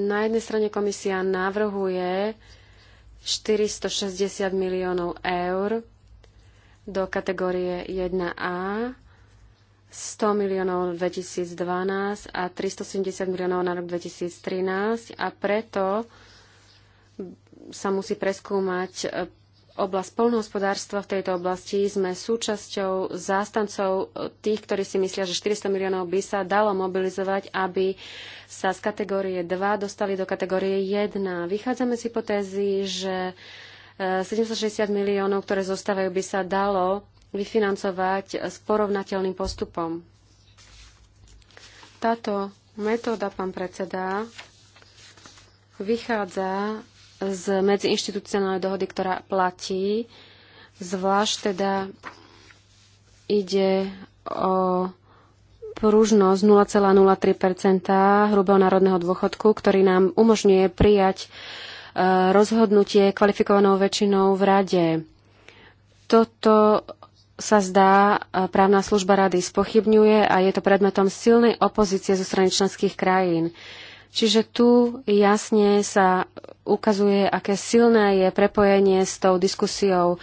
na jednej strane komisia navrhuje 460 miliónov eur do kategórie 1A, 100 miliónov 2012 a 370 miliónov na rok 2013 a preto sa musí preskúmať oblasť polnohospodárstva v tejto oblasti sme súčasťou zástancov tých, ktorí si myslia, že 400 miliónov by sa dalo mobilizovať, aby sa z kategórie 2 dostali do kategórie 1. Vychádzame z hypotézy, že 760 eh, miliónov, ktoré zostávajú, by sa dalo vyfinancovať s porovnateľným postupom. Táto metóda, pán predseda, vychádza z medziinstitucionálnej dohody, ktorá platí. Zvlášť teda ide o pružnosť 0,03 hrubého národného dôchodku, ktorý nám umožňuje prijať e, rozhodnutie kvalifikovanou väčšinou v rade. Toto sa zdá, e, právna služba rady spochybňuje a je to predmetom silnej opozície zo strany členských krajín. Čiže tu jasne sa ukazuje, aké silné je prepojenie s tou diskusiou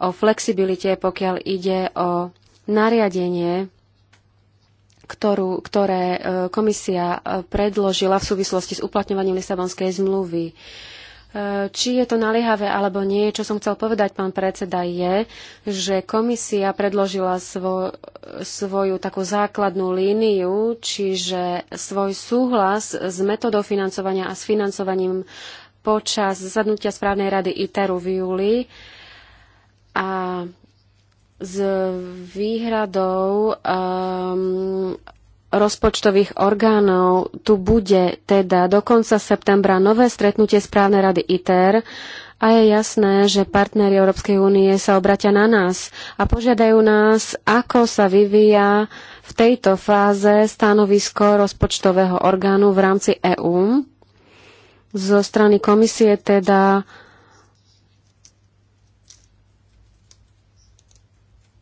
o flexibilite, pokiaľ ide o nariadenie, ktorú, ktoré e, komisia e, predložila v súvislosti s uplatňovaním Lisabonskej zmluvy. Uh, či je to naliehavé alebo nie, čo som chcel povedať, pán predseda, je, že komisia predložila svo, svoju takú základnú líniu, čiže svoj súhlas s metodou financovania a s financovaním počas zasadnutia správnej rady ITERu v júli a s výhradou um, rozpočtových orgánov. Tu bude teda do konca septembra nové stretnutie správnej rady ITER a je jasné, že partnery Európskej únie sa obratia na nás a požiadajú nás, ako sa vyvíja v tejto fáze stanovisko rozpočtového orgánu v rámci EÚ. Zo strany komisie teda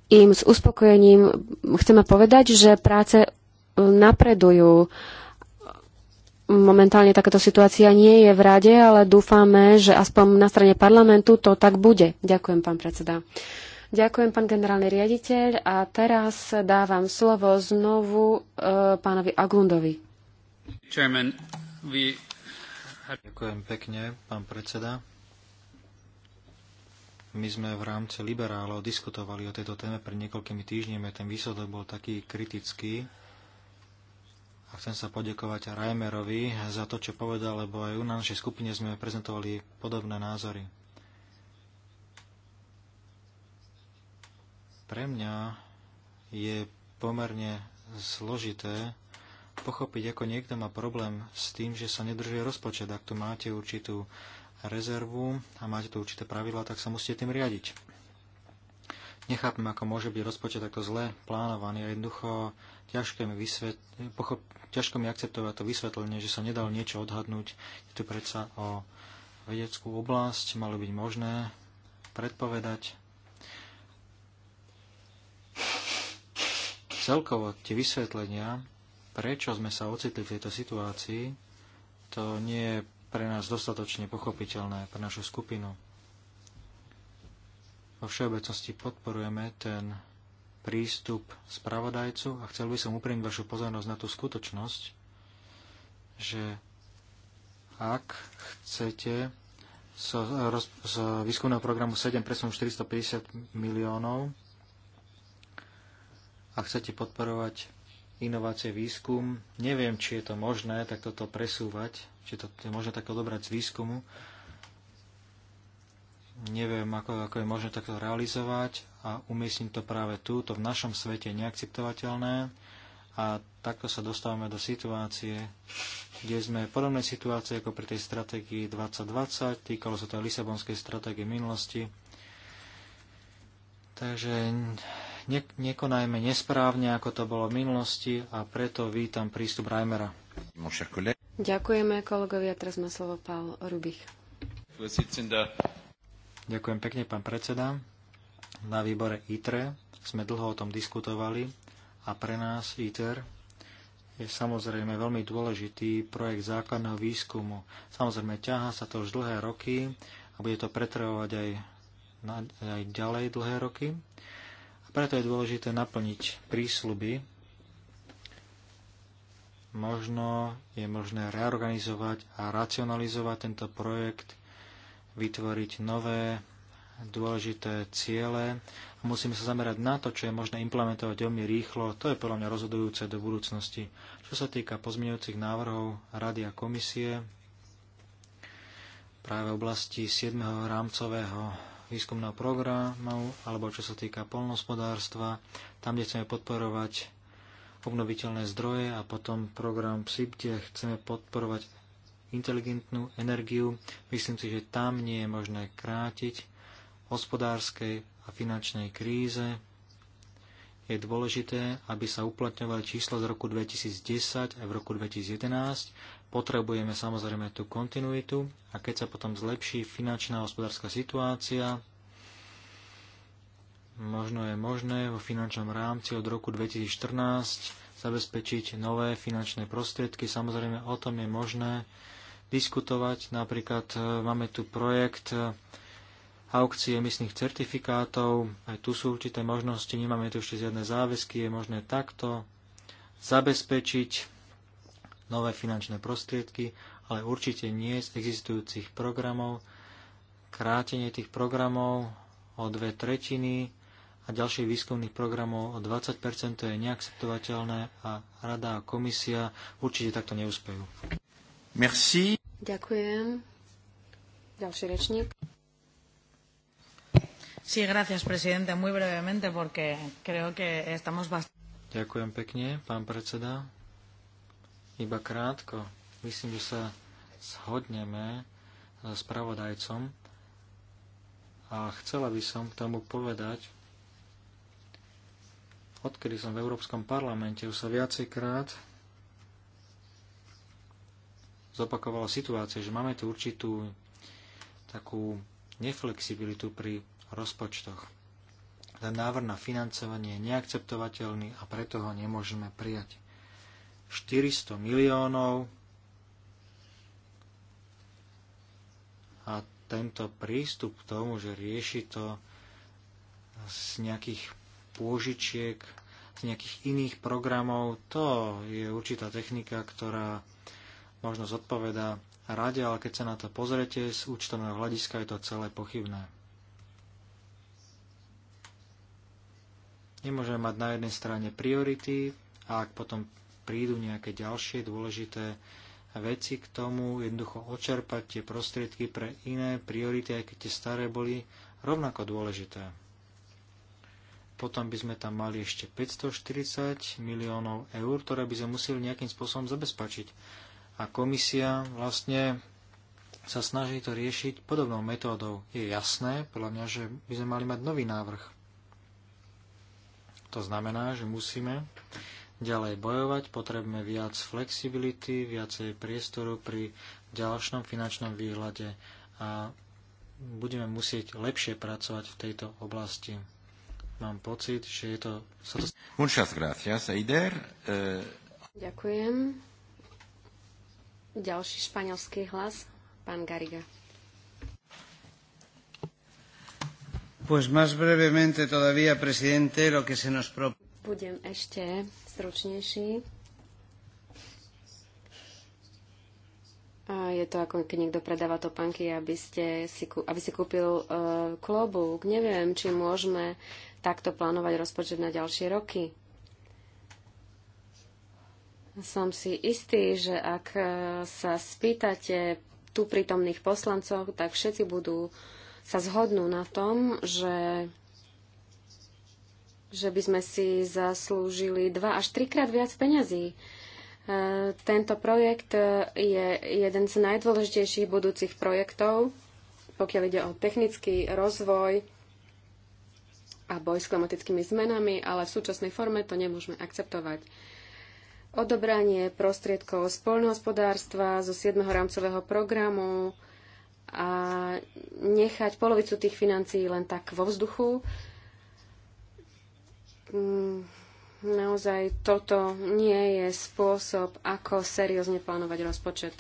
im s uspokojením chceme povedať, že práce napredujú. Momentálne takáto situácia nie je v rade, ale dúfame, že aspoň na strane parlamentu to tak bude. Ďakujem, pán predseda. Ďakujem, pán generálny riaditeľ. A teraz dávam slovo znovu e, pánovi Agundovi. Chairman, we... Ďakujem pekne, pán predseda. My sme v rámci liberálov diskutovali o tejto téme pred niekoľkými týždňami. Ten výsledok bol taký kritický, a chcem sa podekovať Reimerovi za to, čo povedal, lebo aj u na našej skupine sme prezentovali podobné názory. Pre mňa je pomerne zložité pochopiť, ako niekto má problém s tým, že sa nedržuje rozpočet. Ak tu máte určitú rezervu a máte tu určité pravidlá, tak sa musíte tým riadiť. Nechápem, ako môže byť rozpočet takto zle plánovaný a jednoducho ťažké mi, vysvet... pochop... ťažké mi akceptovať to vysvetlenie, že sa nedalo niečo odhadnúť. Je tu predsa o vedeckú oblasť, malo byť možné predpovedať. Celkovo tie vysvetlenia, prečo sme sa ocitli v tejto situácii, to nie je pre nás dostatočne pochopiteľné, pre našu skupinu. Vo všeobecnosti podporujeme ten prístup spravodajcu a chcel by som upriamiť vašu pozornosť na tú skutočnosť, že ak chcete z, so výskumného programu 7 presunúť 450 miliónov a chcete podporovať inovácie, výskum, neviem, či je to možné tak toto presúvať, či to je možné takto dobrať z výskumu, neviem, ako, ako je možné takto realizovať a umiestniť to práve tu, to v našom svete je neakceptovateľné a takto sa dostávame do situácie, kde sme v podobnej situácii ako pri tej stratégii 2020, týkalo sa to aj Lisabonskej stratégie minulosti. Takže ne, nekonajme nesprávne, ako to bolo v minulosti a preto vítam prístup Reimera. Ďakujeme kolegovia, teraz má slovo Pál Rubich. Ďakujem pekne, pán predseda. Na výbore ITRE sme dlho o tom diskutovali a pre nás ITER je samozrejme veľmi dôležitý projekt základného výskumu. Samozrejme, ťaha sa to už dlhé roky a bude to pretrvovať aj, na, aj ďalej dlhé roky. A preto je dôležité naplniť prísľuby. Možno je možné reorganizovať a racionalizovať tento projekt vytvoriť nové dôležité ciele a musíme sa zamerať na to, čo je možné implementovať veľmi rýchlo. To je podľa mňa rozhodujúce do budúcnosti. Čo sa týka pozmeňujúcich návrhov Rady a komisie, práve v oblasti 7. rámcového výskumného programu, alebo čo sa týka polnospodárstva, tam, kde chceme podporovať obnoviteľné zdroje a potom program PSIP, kde chceme podporovať inteligentnú energiu. Myslím si, že tam nie je možné krátiť hospodárskej a finančnej kríze. Je dôležité, aby sa uplatňovali čísla z roku 2010 a v roku 2011. Potrebujeme samozrejme tú kontinuitu a keď sa potom zlepší finančná a hospodárska situácia, možno je možné vo finančnom rámci od roku 2014 zabezpečiť nové finančné prostriedky. Samozrejme o tom je možné diskutovať. Napríklad e, máme tu projekt e, aukcie emisných certifikátov, aj tu sú určité možnosti, nemáme tu ešte žiadne záväzky, je možné takto zabezpečiť nové finančné prostriedky, ale určite nie z existujúcich programov. Krátenie tých programov o dve tretiny a ďalších výskumných programov o 20 je neakceptovateľné a Rada a Komisia určite takto neúspejú. Merci. Ďakujem. Ďalší rečník. Sí, gracias, presidente. Muy brevemente, porque creo que estamos Ďakujem pekne, pán predseda. Iba krátko. Myslím, že sa shodneme s pravodajcom a chcela by som k tomu povedať, odkedy som v Európskom parlamente už sa viacejkrát zopakovala situácia, že máme tu určitú takú neflexibilitu pri rozpočtoch. Ten návrh na financovanie je neakceptovateľný a preto ho nemôžeme prijať. 400 miliónov a tento prístup k tomu, že rieši to z nejakých pôžičiek, z nejakých iných programov, to je určitá technika, ktorá možno zodpovedá rade, ale keď sa na to pozrete z účtovného hľadiska, je to celé pochybné. Nemôžeme mať na jednej strane priority a ak potom prídu nejaké ďalšie dôležité veci k tomu, jednoducho očerpať tie prostriedky pre iné priority, aj keď tie staré boli rovnako dôležité. Potom by sme tam mali ešte 540 miliónov eur, ktoré by sme museli nejakým spôsobom zabezpečiť a komisia vlastne sa snaží to riešiť podobnou metódou. Je jasné, podľa mňa, že by sme mali mať nový návrh. To znamená, že musíme ďalej bojovať, potrebujeme viac flexibility, viacej priestoru pri ďalšom finančnom výhľade a budeme musieť lepšie pracovať v tejto oblasti. Mám pocit, že je to... Muchas gracias, Eider. Eh, Ďakujem. Ďalší španielský hlas, pán Gariga. Pues más brevemente todavía, presidente, lo que se nos pro... Budem ešte stručnejší. A je to ako keď niekto predáva topánky, aby, ste si, aby si kúpil uh, klobúk. Neviem, či môžeme takto plánovať rozpočet na ďalšie roky. Som si istý, že ak e, sa spýtate tu prítomných poslancov, tak všetci budú sa zhodnú na tom, že, že by sme si zaslúžili dva až trikrát viac peňazí. E, tento projekt je jeden z najdôležitejších budúcich projektov, pokiaľ ide o technický rozvoj a boj s klimatickými zmenami, ale v súčasnej forme to nemôžeme akceptovať odobranie prostriedkov z poľnohospodárstva zo 7. rámcového programu a nechať polovicu tých financií len tak vo vzduchu. Mm, naozaj toto nie je spôsob, ako seriózne plánovať rozpočet.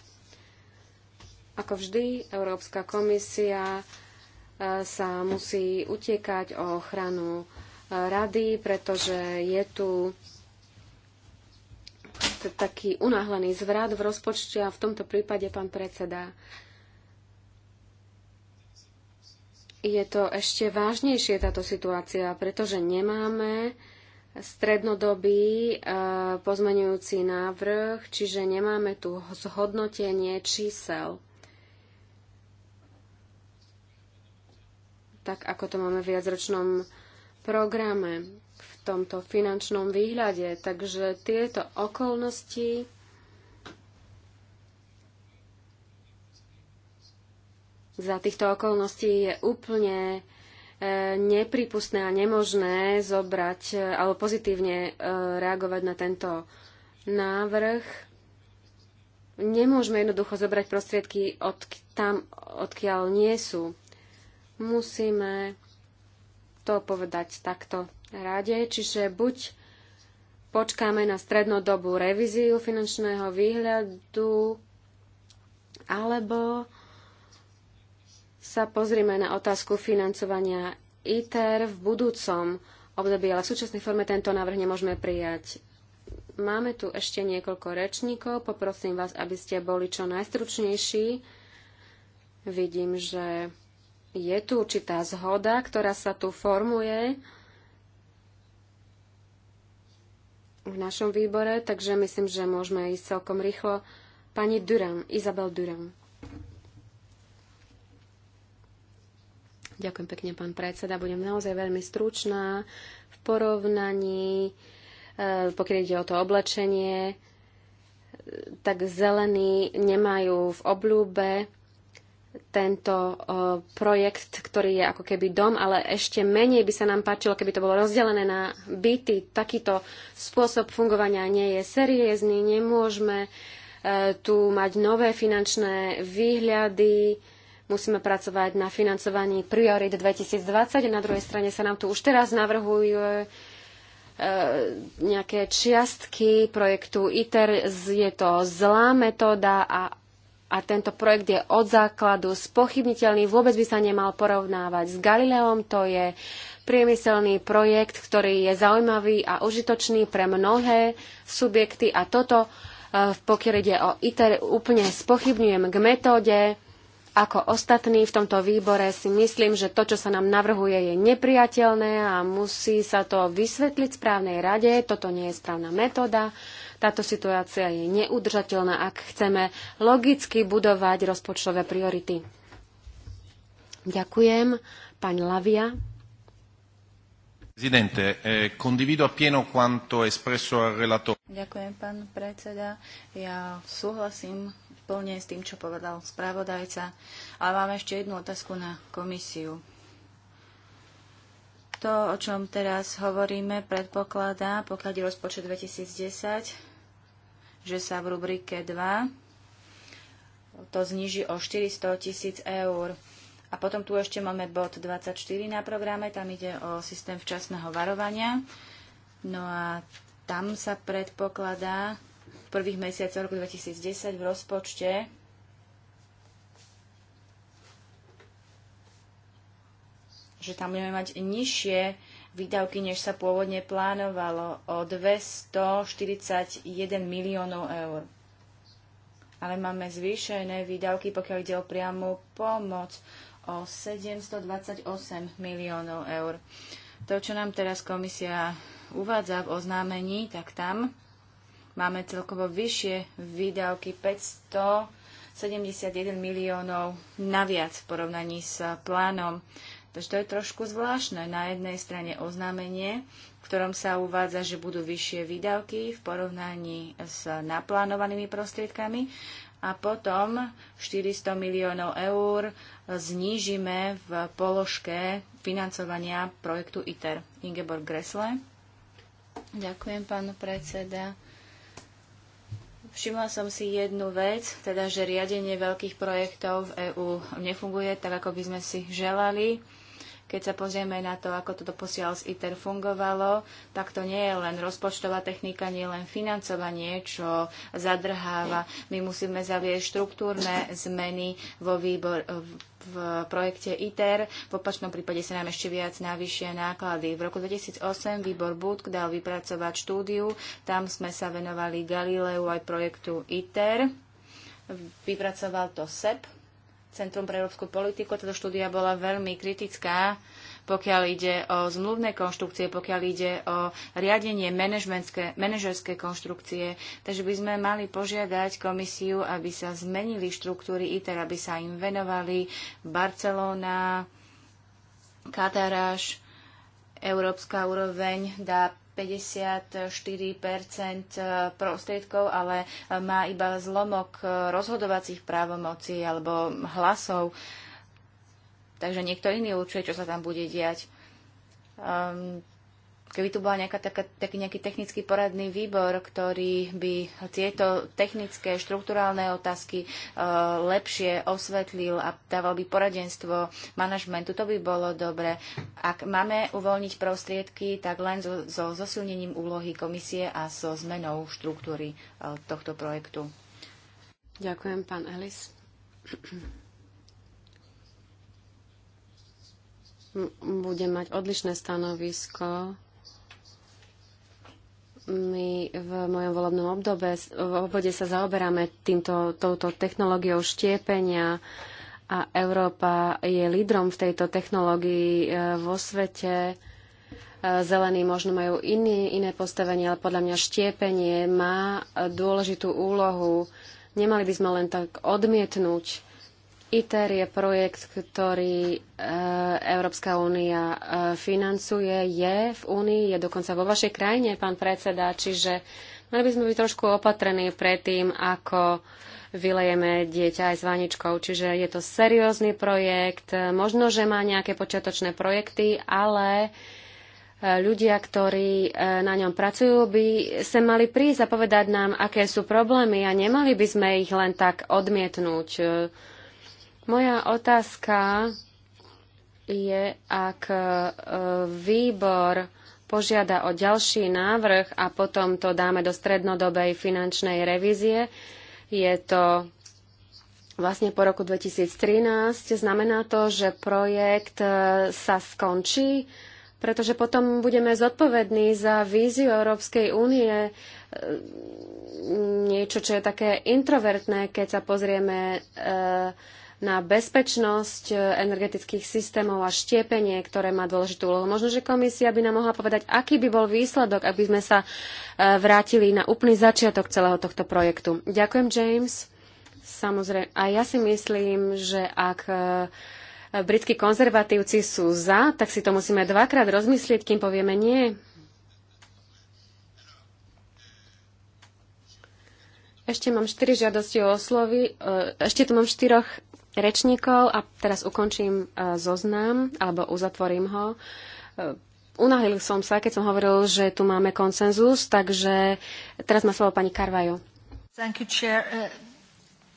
Ako vždy, Európska komisia e, sa musí utiekať o ochranu e, rady, pretože je tu taký unáhlený zvrat v rozpočte a v tomto prípade, pán predseda, je to ešte vážnejšie táto situácia, pretože nemáme strednodobý e, pozmenujúci návrh, čiže nemáme tu zhodnotenie čísel. Tak ako to máme v viacročnom programe tomto finančnom výhľade. Takže tieto okolnosti za týchto okolností je úplne e, nepripustné a nemožné zobrať e, alebo pozitívne e, reagovať na tento návrh. Nemôžeme jednoducho zobrať prostriedky od, tam, odkiaľ nie sú. Musíme to povedať takto rade, čiže buď počkáme na strednodobú revíziu finančného výhľadu, alebo sa pozrieme na otázku financovania ITER v budúcom období, ale v súčasnej forme tento návrh nemôžeme prijať. Máme tu ešte niekoľko rečníkov. Poprosím vás, aby ste boli čo najstručnejší. Vidím, že je tu určitá zhoda, ktorá sa tu formuje. v našom výbore, takže myslím, že môžeme ísť celkom rýchlo. Pani Durán, Izabel Durán. Ďakujem pekne, pán predseda. Budem naozaj veľmi stručná v porovnaní, e, pokiaľ ide o to oblečenie, e, tak zelení nemajú v obľúbe tento e, projekt, ktorý je ako keby dom, ale ešte menej by sa nám páčilo, keby to bolo rozdelené na byty. Takýto spôsob fungovania nie je seriózny, nemôžeme e, tu mať nové finančné výhľady, musíme pracovať na financovaní priorit 2020. Na druhej strane sa nám tu už teraz navrhujú e, nejaké čiastky projektu ITER. Je to zlá metóda a a tento projekt je od základu spochybniteľný, vôbec by sa nemal porovnávať s Galileom. To je priemyselný projekt, ktorý je zaujímavý a užitočný pre mnohé subjekty a toto, e, pokiaľ ide o ITER, úplne spochybňujem k metóde. Ako ostatní v tomto výbore si myslím, že to, čo sa nám navrhuje, je nepriateľné a musí sa to vysvetliť správnej rade. Toto nie je správna metóda. Táto situácia je neudržateľná, ak chceme logicky budovať rozpočtové priority. Ďakujem. Pani Lavia. Presidente, eh, condivido appieno quanto espresso al relatore. Ďakujem, pán predseda. Ja súhlasím plne s tým, čo povedal spravodajca. Ale mám ešte jednu otázku na komisiu. To, o čom teraz hovoríme, predpokladá, pokiaľ je rozpočet 2010, že sa v rubrike 2 to zniží o 400 tisíc eur. A potom tu ešte máme bod 24 na programe, tam ide o systém včasného varovania. No a tam sa predpokladá v prvých mesiacoch roku 2010 v rozpočte že tam budeme mať nižšie výdavky, než sa pôvodne plánovalo, o 241 miliónov eur. Ale máme zvýšené výdavky, pokiaľ ide o priamu pomoc, o 728 miliónov eur. To, čo nám teraz komisia uvádza v oznámení, tak tam máme celkovo vyššie výdavky 571 miliónov naviac v porovnaní s plánom. Takže to je trošku zvláštne. Na jednej strane oznámenie, v ktorom sa uvádza, že budú vyššie výdavky v porovnaní s naplánovanými prostriedkami a potom 400 miliónov eur znížime v položke financovania projektu ITER. Ingeborg Gressle. Ďakujem, pán predseda. Všimla som si jednu vec, teda že riadenie veľkých projektov v EÚ nefunguje tak, ako by sme si želali. Keď sa pozrieme na to, ako to doposiaľ z ITER fungovalo, tak to nie je len rozpočtová technika, nie je len financovanie, čo zadrháva. My musíme zaviesť štruktúrne zmeny vo výbor, v projekte ITER. V opačnom prípade sa nám ešte viac navýšia náklady. V roku 2008 výbor Budk dal vypracovať štúdiu. Tam sme sa venovali Galileu aj projektu ITER. Vypracoval to SEP, Centrum pre európsku politiku. Táto štúdia bola veľmi kritická, pokiaľ ide o zmluvné konštrukcie, pokiaľ ide o riadenie manažerské konštrukcie. Takže by sme mali požiadať komisiu, aby sa zmenili štruktúry ITER, aby sa im venovali Barcelona, Kataráž, európska úroveň DAP, 54 prostriedkov, ale má iba zlomok rozhodovacích právomocí alebo hlasov. Takže niekto iný určuje, čo sa tam bude diať. Um, keby tu bola nejaká, taká, taký nejaký technický poradný výbor, ktorý by tieto technické, štruktúrálne otázky uh, lepšie osvetlil a dával by poradenstvo manažmentu, to by bolo dobre. Ak máme uvoľniť prostriedky, tak len so, so zosilnením úlohy komisie a so zmenou štruktúry uh, tohto projektu. Ďakujem, pán Elis. Budem mať odlišné stanovisko my v mojom volebnom obdobe, v obvode sa zaoberáme týmto, touto technológiou štiepenia a Európa je lídrom v tejto technológii e, vo svete. E, zelení možno majú iný, iné postavenie, ale podľa mňa štiepenie má dôležitú úlohu. Nemali by sme len tak odmietnúť ITER je projekt, ktorý eh, Európska únia eh, financuje, je v únii, je dokonca vo vašej krajine, pán predseda, čiže mali by sme byť trošku opatrení pred tým, ako vylejeme dieťa aj s vaničkou. Čiže je to seriózny projekt, eh, možno, že má nejaké počiatočné projekty, ale ľudia, ktorí na ňom pracujú, by sa mali prísť a povedať nám, aké sú problémy a nemali by sme ich len tak odmietnúť. Moja otázka je, ak e, výbor požiada o ďalší návrh a potom to dáme do strednodobej finančnej revízie. Je to vlastne po roku 2013. Znamená to, že projekt e, sa skončí, pretože potom budeme zodpovední za víziu Európskej únie, e, niečo, čo je také introvertné, keď sa pozrieme na bezpečnosť e, energetických systémov a štiepenie, ktoré má dôležitú úlohu. Možno, že komisia by nám mohla povedať, aký by bol výsledok, ak by sme sa e, vrátili na úplný začiatok celého tohto projektu. Ďakujem, James. Samozrejme. A ja si myslím, že ak e, britskí konzervatívci sú za, tak si to musíme dvakrát rozmyslieť, kým povieme nie. Ešte mám štyri žiadosti o oslovy. Ešte tu mám štyroch rečníkov a teraz ukončím e, zoznam alebo uzatvorím ho. E, unahlil som sa, keď som hovoril, že tu máme konsenzus, takže teraz má slovo pani Karvaju. Thank you, Chair. Uh,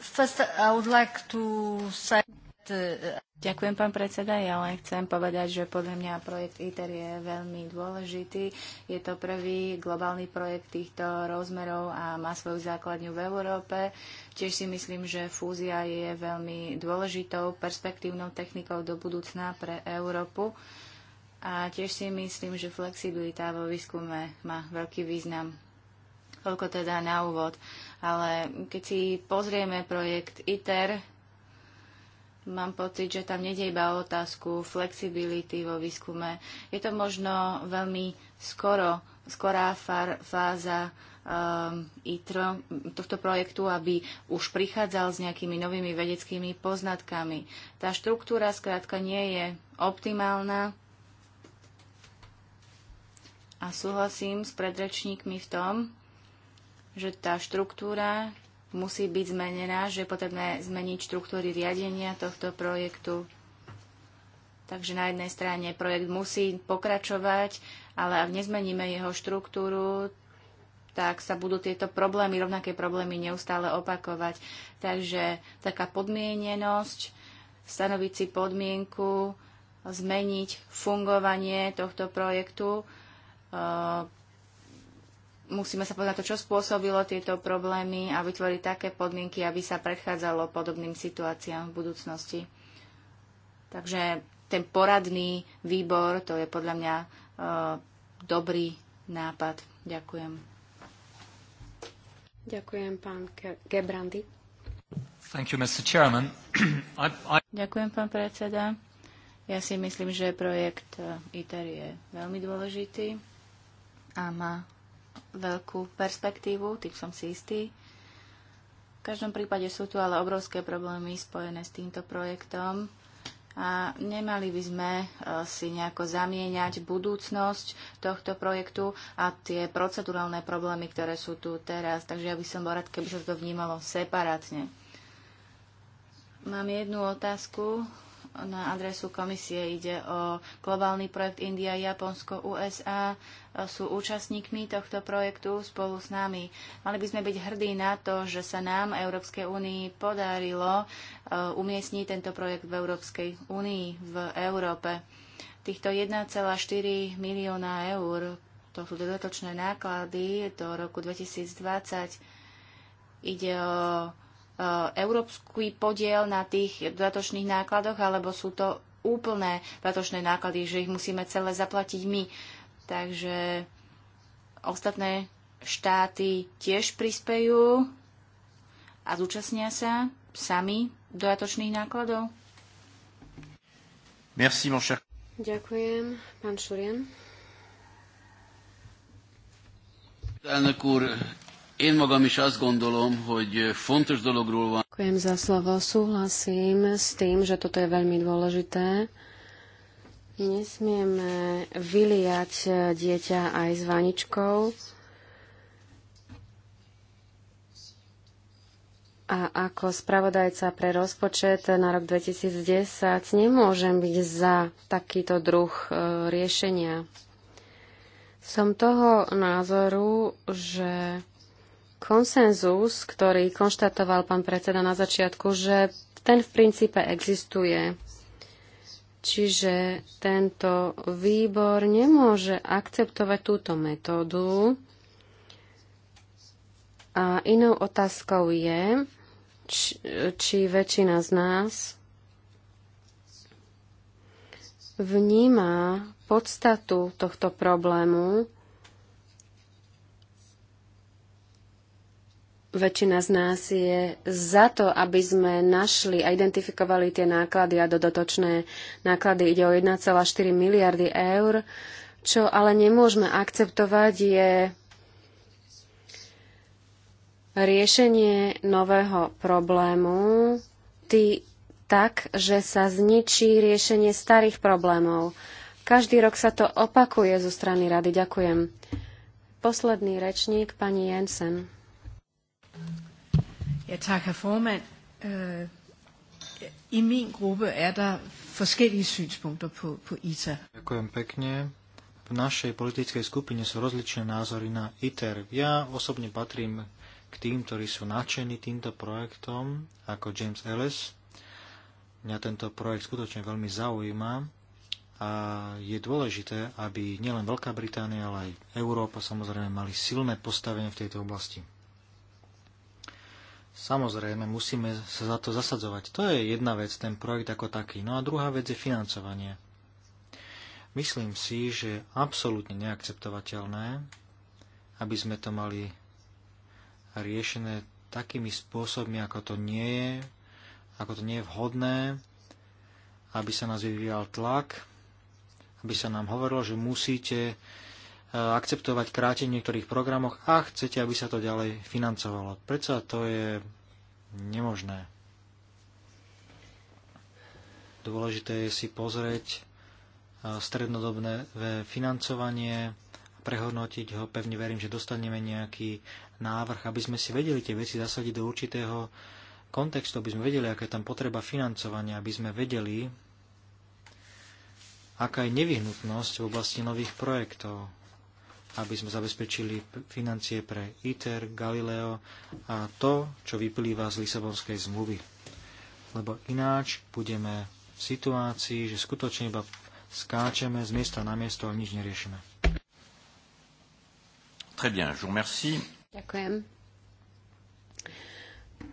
first, I would like to say... Ďakujem, pán predseda. Ja len chcem povedať, že podľa mňa projekt ITER je veľmi dôležitý. Je to prvý globálny projekt týchto rozmerov a má svoju základňu v Európe. Tiež si myslím, že fúzia je veľmi dôležitou perspektívnou technikou do budúcna pre Európu. A tiež si myslím, že flexibilita vo výskume má veľký význam. Toľko teda na úvod. Ale keď si pozrieme projekt ITER, Mám pocit, že tam nejde iba o otázku flexibility vo výskume. Je to možno veľmi skoro, skorá far, fáza um, ITRO, tohto projektu, aby už prichádzal s nejakými novými vedeckými poznatkami. Tá štruktúra skrátka nie je optimálna a súhlasím s predrečníkmi v tom, že tá štruktúra musí byť zmenená, že je potrebné zmeniť štruktúry riadenia tohto projektu. Takže na jednej strane projekt musí pokračovať, ale ak nezmeníme jeho štruktúru, tak sa budú tieto problémy, rovnaké problémy neustále opakovať. Takže taká podmienenosť, stanoviť si podmienku, zmeniť fungovanie tohto projektu, e, musíme sa povedať to, čo spôsobilo tieto problémy a vytvoriť také podmienky, aby sa predchádzalo podobným situáciám v budúcnosti. Takže ten poradný výbor, to je podľa mňa e, dobrý nápad. Ďakujem. Ďakujem, pán Gebrandy. Thank you, Mr. Chairman. I, I... Ďakujem, pán predseda. Ja si myslím, že projekt e, ITER je veľmi dôležitý a má veľkú perspektívu, tým som si istý. V každom prípade sú tu ale obrovské problémy spojené s týmto projektom a nemali by sme e, si nejako zamieňať budúcnosť tohto projektu a tie procedurálne problémy, ktoré sú tu teraz. Takže ja by som bol rád, keby sa to vnímalo separátne. Mám jednu otázku, na adresu komisie ide o globálny projekt India, Japonsko, USA e, sú účastníkmi tohto projektu spolu s nami. Mali by sme byť hrdí na to, že sa nám, Európskej únii, podarilo e, umiestniť tento projekt v Európskej únii, v Európe. Týchto 1,4 milióna eur, to sú dodatočné náklady do roku 2020, ide o E, európsky podiel na tých dodatočných nákladoch, alebo sú to úplné dodatočné náklady, že ich musíme celé zaplatiť my. Takže ostatné štáty tiež prispejú a zúčastnia sa sami dodatočných nákladov. Merci, mon cher. Ďakujem, pán Šurian. Én magam is azt gondolom, hogy fontos dologról van. Ďakujem za slovo. Súhlasím s tým, že toto je veľmi dôležité. Nesmieme vyliať eh, dieťa aj s vaničkou. A ako spravodajca pre rozpočet na rok 2010 nemôžem byť za takýto druh eh, riešenia. Som toho názoru, že konsenzus, ktorý konštatoval pán predseda na začiatku, že ten v princípe existuje. Čiže tento výbor nemôže akceptovať túto metódu. A inou otázkou je, či, či väčšina z nás vníma podstatu tohto problému väčšina z nás je za to, aby sme našli a identifikovali tie náklady a dodatočné náklady. Ide o 1,4 miliardy eur. Čo ale nemôžeme akceptovať je riešenie nového problému tý, tak, že sa zničí riešenie starých problémov. Každý rok sa to opakuje zo strany rady. Ďakujem. Posledný rečník, pani Jensen. Ja, tak, herr formand. Øh, I min gruppe er der forskellige synspunkter på, på ITER. Ďakujem pekne. V našej politickej skupine sú rozličné názory na ITER. Ja osobne patrím k tým, ktorí sú nadšení týmto projektom, ako James Ellis. Mňa tento projekt skutočne veľmi zaujíma a je dôležité, aby nielen Veľká Británia, ale aj Európa samozrejme mali silné postavenie v tejto oblasti. Samozrejme, musíme sa za to zasadzovať. To je jedna vec, ten projekt ako taký. No a druhá vec je financovanie. Myslím si, že je absolútne neakceptovateľné, aby sme to mali riešené takými spôsobmi, ako to nie je, ako to nie je vhodné, aby sa nás vyvíjal tlak, aby sa nám hovorilo, že musíte Eh, akceptovať krátenie v niektorých programoch a chcete, aby sa to ďalej financovalo. Prečo to je nemožné? Dôležité je si pozrieť eh, strednodobné eh, financovanie, prehodnotiť ho. Pevne verím, že dostaneme nejaký návrh, aby sme si vedeli tie veci zasadiť do určitého kontextu, aby sme vedeli, aká je tam potreba financovania, aby sme vedeli, aká je nevyhnutnosť v oblasti nových projektov aby sme zabezpečili financie pre ITER, Galileo a to, čo vyplýva z Lisabonskej zmluvy. Lebo ináč budeme v situácii, že skutočne iba skáčeme z miesta na miesto a nič neriešime. Très bien, je vous remercie. Ďakujem.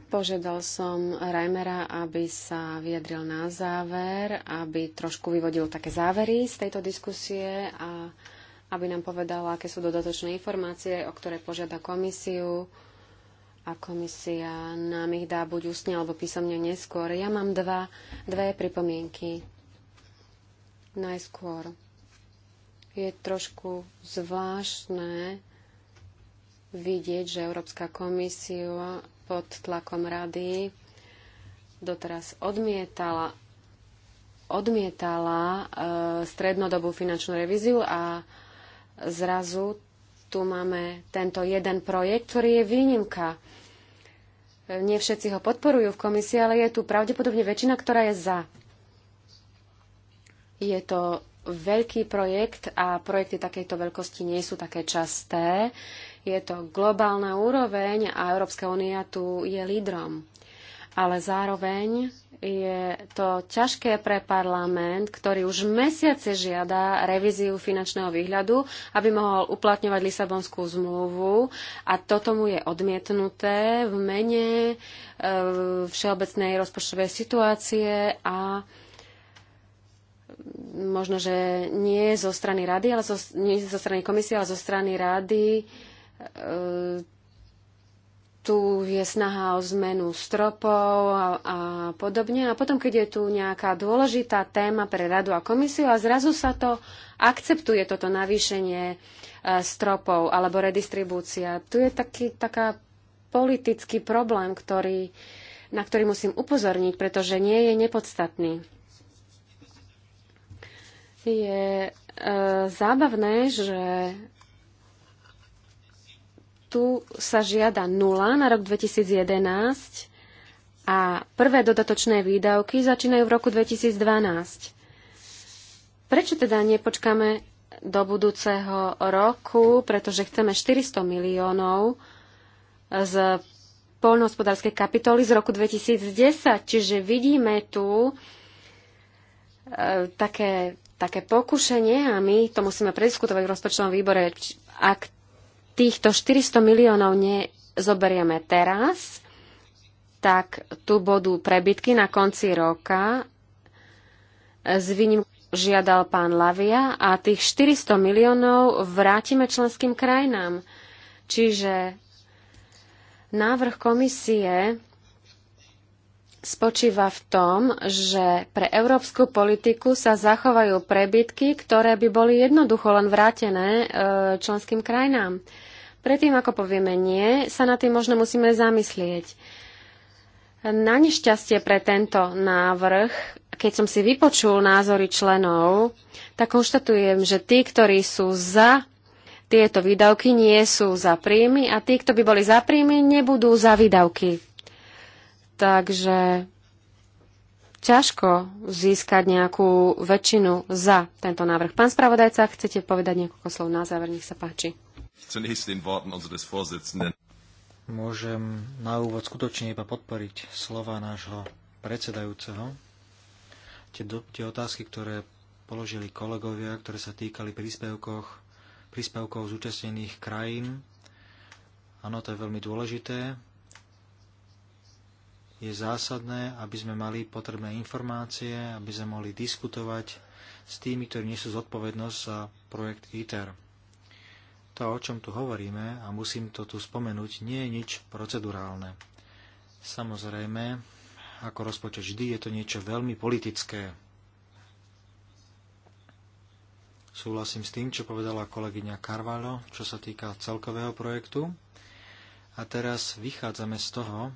Požiadal som Reimera, aby sa vyjadril na záver, aby trošku vyvodil také závery z tejto diskusie a aby nám povedala, aké sú dodatočné informácie, o ktoré požiada komisiu a komisia nám ich dá buď ústne alebo písomne neskôr. Ja mám dva, dve pripomienky. Najskôr je trošku zvláštne vidieť, že Európska komisia pod tlakom rady doteraz odmietala odmietala e, strednodobú finančnú revíziu a zrazu tu máme tento jeden projekt, ktorý je výnimka. Nie všetci ho podporujú v komisii, ale je tu pravdepodobne väčšina, ktorá je za. Je to veľký projekt a projekty takejto veľkosti nie sú také časté. Je to globálna úroveň a Európska únia tu je lídrom. Ale zároveň je to ťažké pre parlament, ktorý už mesiace žiada revíziu finančného výhľadu, aby mohol uplatňovať Lisabonskú zmluvu a toto mu je odmietnuté v mene e, všeobecnej rozpočtovej situácie a možno, že nie zo strany rady, ale zo, nie zo strany komisie, ale zo strany rady e, tu je snaha o zmenu stropov a, a podobne. A potom, keď je tu nejaká dôležitá téma pre radu a komisiu a zrazu sa to akceptuje, toto navýšenie e, stropov alebo redistribúcia. Tu je taký, taká politický problém, ktorý, na ktorý musím upozorniť, pretože nie je nepodstatný. Je e, zábavné, že tu sa žiada nula na rok 2011 a prvé dodatočné výdavky začínajú v roku 2012. Prečo teda nepočkáme do budúceho roku, pretože chceme 400 miliónov z poľnohospodárskej kapitoly z roku 2010. Čiže vidíme tu e, také, také pokušenie a my to musíme prediskutovať v rozpočtovom výbore. Ak týchto 400 miliónov nezoberieme teraz, tak tu budú prebytky na konci roka. S žiadal pán Lavia a tých 400 miliónov vrátime členským krajinám. Čiže návrh komisie spočíva v tom, že pre európsku politiku sa zachovajú prebytky, ktoré by boli jednoducho len vrátené e, členským krajinám. Predtým, ako povieme nie, sa na tým možno musíme zamyslieť. Na nešťastie pre tento návrh, keď som si vypočul názory členov, tak konštatujem, že tí, ktorí sú za tieto výdavky, nie sú za príjmy a tí, kto by boli za príjmy, nebudú za výdavky. Takže ťažko získať nejakú väčšinu za tento návrh. Pán spravodajca, chcete povedať niekoľko slov na záver, nech sa páči. Zunächst den Worten unseres Vorsitzenden. Môžem na úvod skutočne iba podporiť slova nášho predsedajúceho. Tie, do, tie otázky, ktoré položili kolegovia, ktoré sa týkali príspevkoch príspevkov zúčastnených krajín. Áno, to je veľmi dôležité. Je zásadné, aby sme mali potrebné informácie, aby sme mohli diskutovať s tými, ktorí nesú zodpovednosť za projekt ITER. To, o čom tu hovoríme, a musím to tu spomenúť, nie je nič procedurálne. Samozrejme, ako rozpočet vždy, je to niečo veľmi politické. Súhlasím s tým, čo povedala kolegyňa Carvalho, čo sa týka celkového projektu. A teraz vychádzame z toho,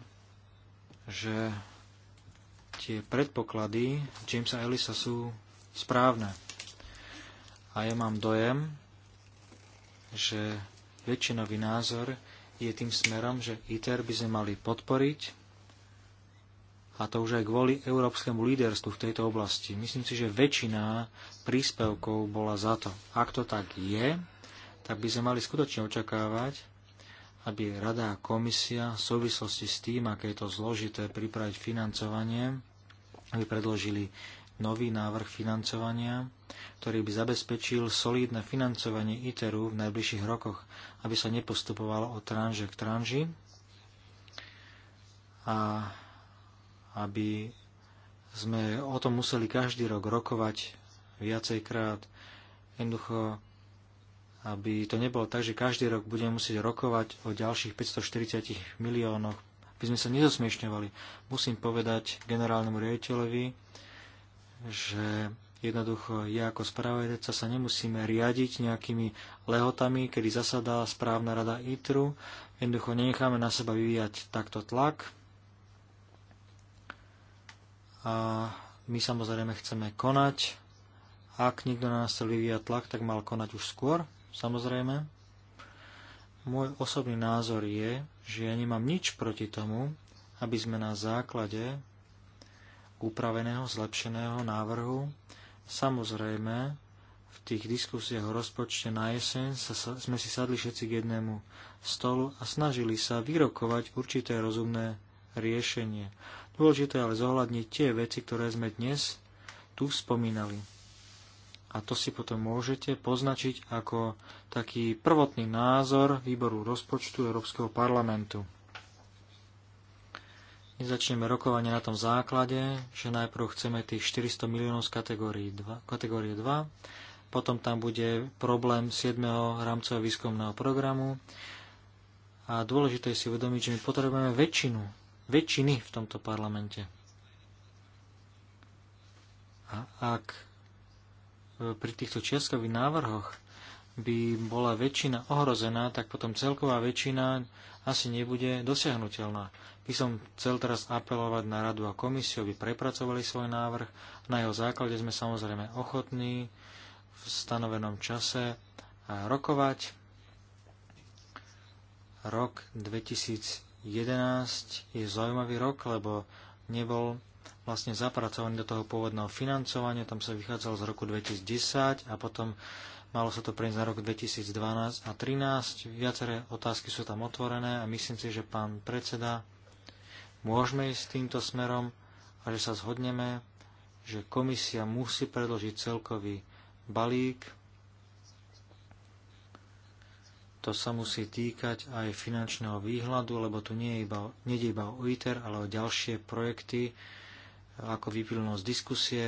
že tie predpoklady Jamesa Ellisa sú správne. A ja mám dojem, že väčšinový názor je tým smerom, že ITER by sme mali podporiť a to už aj kvôli európskemu líderstvu v tejto oblasti. Myslím si, že väčšina príspevkov bola za to. Ak to tak je, tak by sme mali skutočne očakávať, aby Rada a Komisia v súvislosti s tým, aké je to zložité pripraviť financovanie, aby predložili nový návrh financovania, ktorý by zabezpečil solídne financovanie ITERu v najbližších rokoch, aby sa nepostupovalo od tranže k tranži a aby sme o tom museli každý rok rokovať viacejkrát, jednoducho, aby to nebolo tak, že každý rok budeme musieť rokovať o ďalších 540 miliónoch aby sme sa nezosmiešňovali. Musím povedať generálnemu riaditeľovi, že jednoducho ja ako spravodajca sa nemusíme riadiť nejakými lehotami, kedy zasadá správna rada ITRU. Jednoducho nenecháme na seba vyvíjať takto tlak. A my samozrejme chceme konať. Ak niekto na nás chcel vyvíjať tlak, tak mal konať už skôr, samozrejme. Môj osobný názor je, že ja nemám nič proti tomu, aby sme na základe upraveného, zlepšeného návrhu. Samozrejme, v tých diskusiách o rozpočte na jeseň sa, sa, sme si sadli všetci k jednému stolu a snažili sa vyrokovať určité rozumné riešenie. Dôležité ale zohľadniť tie veci, ktoré sme dnes tu spomínali. A to si potom môžete poznačiť ako taký prvotný názor výboru rozpočtu Európskeho parlamentu začneme rokovanie na tom základe, že najprv chceme tých 400 miliónov z kategórie 2, kategórie 2 potom tam bude problém 7. rámcového výskumného programu a dôležité je si uvedomiť, že my potrebujeme väčšinu, väčšiny v tomto parlamente. A ak e, pri týchto čiastkových návrhoch by bola väčšina ohrozená, tak potom celková väčšina asi nebude dosiahnutelná. By som chcel teraz apelovať na radu a komisiu, aby prepracovali svoj návrh. Na jeho základe sme samozrejme ochotní v stanovenom čase rokovať. Rok 2011 je zaujímavý rok, lebo nebol vlastne zapracovaný do toho pôvodného financovania, tam sa vychádzalo z roku 2010 a potom Malo sa to prejsť na rok 2012 a 2013. Viaceré otázky sú tam otvorené a myslím si, že pán predseda, môžeme ísť týmto smerom a že sa zhodneme, že komisia musí predložiť celkový balík. To sa musí týkať aj finančného výhľadu, lebo tu nie je iba, nie je iba o ITER, ale o ďalšie projekty, ako vyplnosť z diskusie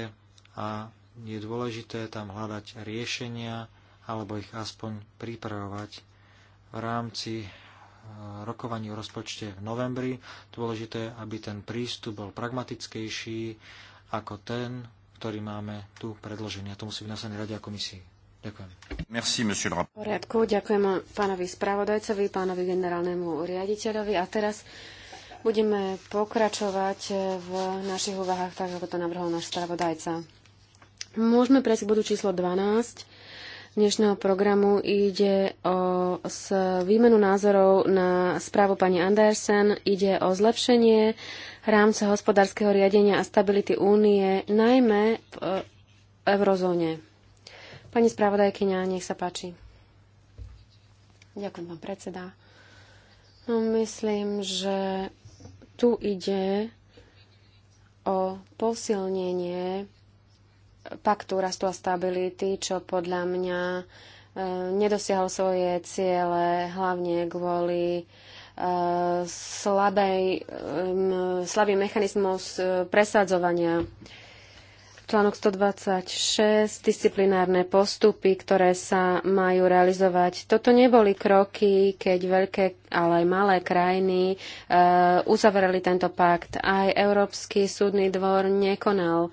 a je dôležité tam hľadať riešenia alebo ich aspoň pripravovať v rámci e, rokovaní o rozpočte v novembri. Dôležité, aby ten prístup bol pragmatickejší ako ten, ktorý máme tu predložený. A to musí byť na Rade a komisii. Ďakujem. Merci, monsieur le Poriadku, ďakujem pánovi spravodajcovi, pánovi generálnemu riaditeľovi. A teraz budeme pokračovať v našich úvahách, tak ako to navrhol náš spravodajca. Môžeme prejsť k bodu číslo 12 dnešného programu. Ide o s výmenu názorov na správu pani Andersen. Ide o zlepšenie rámca hospodárskeho riadenia a stability únie, najmä v e, eurozóne. Pani spravodajkyňa, nech sa páči. Ďakujem, pán predseda. No, myslím, že tu ide o posilnenie paktu rastu a stability, čo podľa mňa e, nedosiahol svoje ciele hlavne kvôli e, slabej, slabý mechanizmus e, presadzovania. Článok 126, disciplinárne postupy, ktoré sa majú realizovať. Toto neboli kroky, keď veľké, ale aj malé krajiny uzavreli tento pakt. Aj Európsky súdny dvor nekonal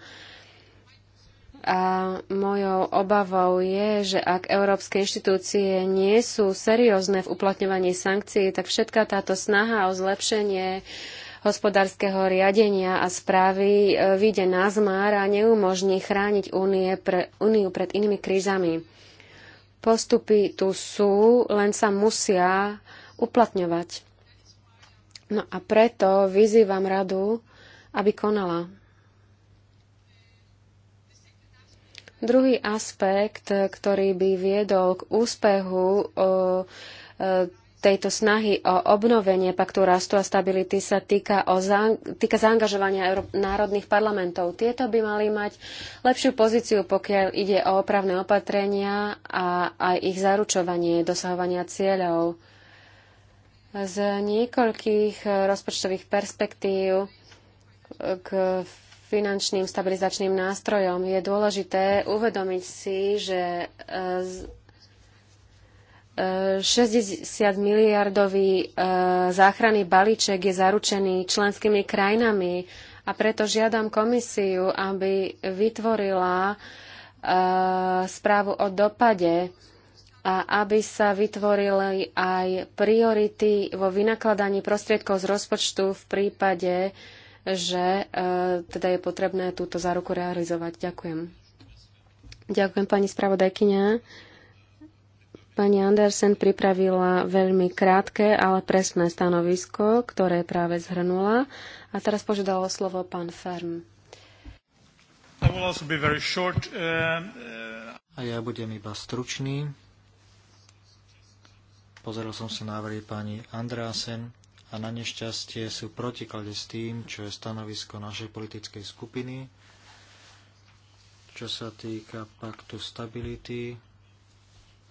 a mojou obavou je, že ak európske inštitúcie nie sú seriózne v uplatňovaní sankcií, tak všetká táto snaha o zlepšenie hospodárskeho riadenia a správy e, vyjde na zmár a neumožní chrániť únie pre, úniu pred inými krízami. Postupy tu sú, len sa musia uplatňovať. No a preto vyzývam radu, aby konala. Druhý aspekt, ktorý by viedol k úspechu tejto snahy o obnovenie paktu rastu a stability sa týka, o za, týka zaangažovania Euró- národných parlamentov. Tieto by mali mať lepšiu pozíciu, pokiaľ ide o opravné opatrenia a aj ich zaručovanie dosahovania cieľov. Z niekoľkých e, rozpočtových perspektív e, k finančným stabilizačným nástrojom, je dôležité uvedomiť si, že 60 e, e, miliardový e, záchranný balíček je zaručený členskými krajinami a preto žiadam komisiu, aby vytvorila správu o dopade a aby sa vytvorili aj priority vo vynakladaní prostriedkov z rozpočtu v prípade, že e, teda je potrebné túto záruku realizovať. Ďakujem. Ďakujem pani spravodajkyňa. Pani Andersen pripravila veľmi krátke, ale presné stanovisko, ktoré práve zhrnula. A teraz požiadalo slovo pán Ferm. Uh, uh, A ja budem iba stručný. Pozeral som si návrhy pani Andrásen a na nešťastie sú protiklade s tým, čo je stanovisko našej politickej skupiny, čo sa týka paktu stability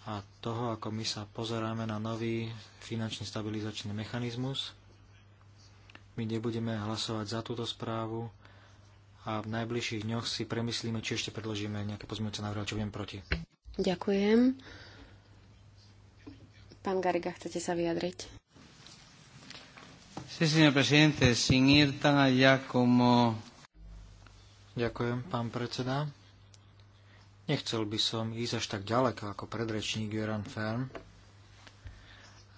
a toho, ako my sa pozeráme na nový finančný stabilizačný mechanizmus. My nebudeme hlasovať za túto správu a v najbližších dňoch si premyslíme, či ešte predložíme nejaké pozmeňujúce návrhy, čo budem proti. Ďakujem. Pán Gariga, chcete sa vyjadriť? Sí, señor presidente, sin ir tan allá como... Ďakujem, pán predseda. Nechcel by som ísť až tak ďaleko ako predrečník Joran Fern.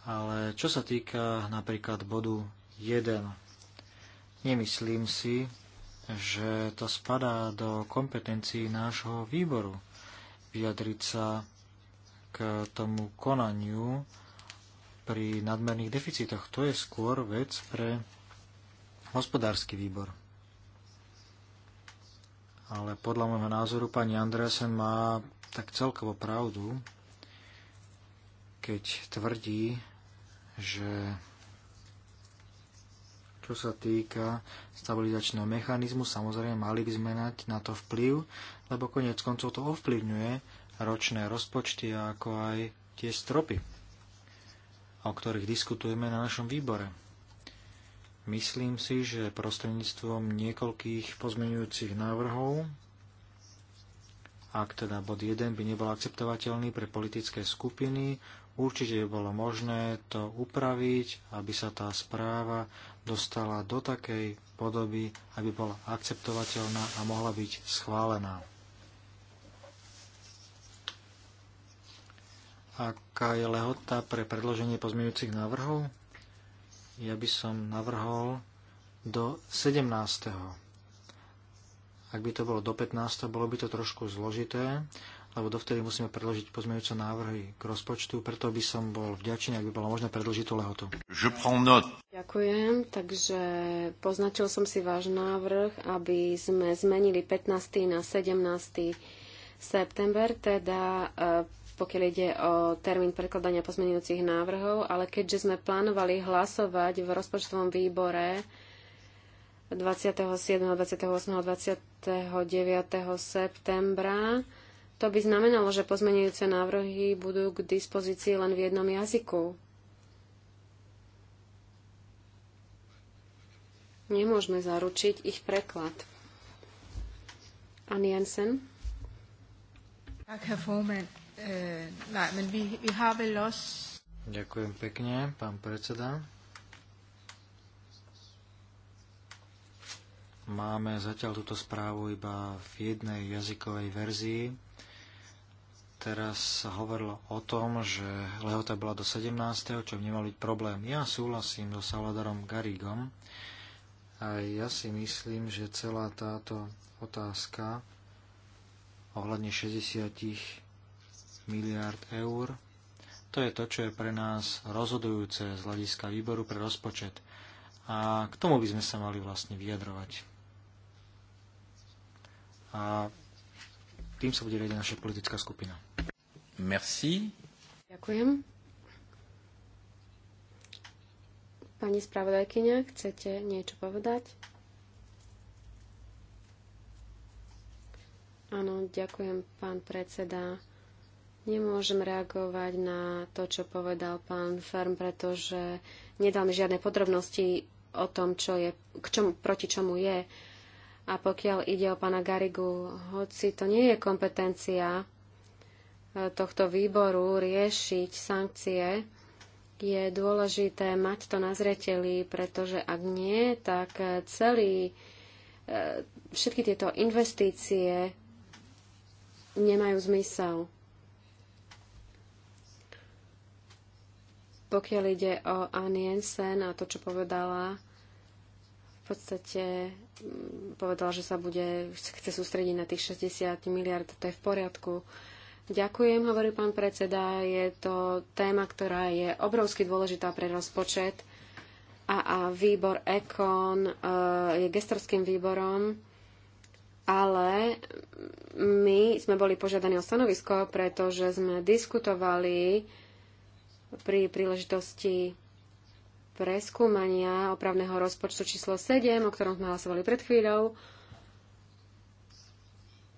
ale čo sa týka napríklad bodu 1, nemyslím si, že to spadá do kompetencií nášho výboru vyjadriť sa k tomu konaniu, pri nadmerných deficitoch. To je skôr vec pre hospodársky výbor. Ale podľa môjho názoru pani Andreasen má tak celkovo pravdu, keď tvrdí, že čo sa týka stabilizačného mechanizmu, samozrejme mali by sme mať na to vplyv, lebo konec koncov to ovplyvňuje ročné rozpočty ako aj tie stropy o ktorých diskutujeme na našom výbore. Myslím si, že prostredníctvom niekoľkých pozmeňujúcich návrhov, ak teda bod 1 by nebol akceptovateľný pre politické skupiny, určite by bolo možné to upraviť, aby sa tá správa dostala do takej podoby, aby bola akceptovateľná a mohla byť schválená. aká je lehota pre predloženie pozmeňujúcich návrhov? Ja by som navrhol do 17. Ak by to bolo do 15., bolo by to trošku zložité, lebo dovtedy musíme predložiť pozmeňujúce návrhy k rozpočtu, preto by som bol vďačný, ak by bolo možné predložiť tú lehotu. Ďakujem, takže poznačil som si váš návrh, aby sme zmenili 15. na 17. september, teda e, pokiaľ ide o termín prekladania pozmenujúcich návrhov, ale keďže sme plánovali hlasovať v rozpočtovom výbore 27., 28., 29. septembra, to by znamenalo, že pozmenujúce návrhy budú k dispozícii len v jednom jazyku. Nemôžeme zaručiť ich preklad. Ann Jensen. Tak, Herr Eh, Ďakujem pekne, pán predseda. Máme zatiaľ túto správu iba v jednej jazykovej verzii. Teraz sa hovorilo o tom, že lehota bola do 17., čo by nemal byť problém. Ja súhlasím so Saladarom Garigom. A ja si myslím, že celá táto otázka ohľadne 60 miliard eur. To je to, čo je pre nás rozhodujúce z hľadiska výboru pre rozpočet. A k tomu by sme sa mali vlastne vyjadrovať. A tým sa bude riadiť naša politická skupina. Merci. Ďakujem. Pani spravodajkyňa, chcete niečo povedať? Áno, ďakujem, pán predseda. Nemôžem reagovať na to, čo povedal pán Ferm, pretože nedal mi žiadne podrobnosti o tom, čo je, k čomu, proti čomu je. A pokiaľ ide o pána Garigu, hoci to nie je kompetencia e, tohto výboru riešiť sankcie, je dôležité mať to na zreteli, pretože ak nie, tak celý, e, všetky tieto investície nemajú zmysel. Pokiaľ ide o Ann Jensen a to, čo povedala, v podstate mm, povedala, že sa bude, chce sústrediť na tých 60 miliard, to je v poriadku. Ďakujem, hovorí pán predseda, je to téma, ktorá je obrovsky dôležitá pre rozpočet a, a výbor EKON e, je gestorským výborom, ale my sme boli požiadaní o stanovisko, pretože sme diskutovali pri príležitosti preskúmania opravného rozpočtu číslo 7, o ktorom sme hlasovali pred chvíľou.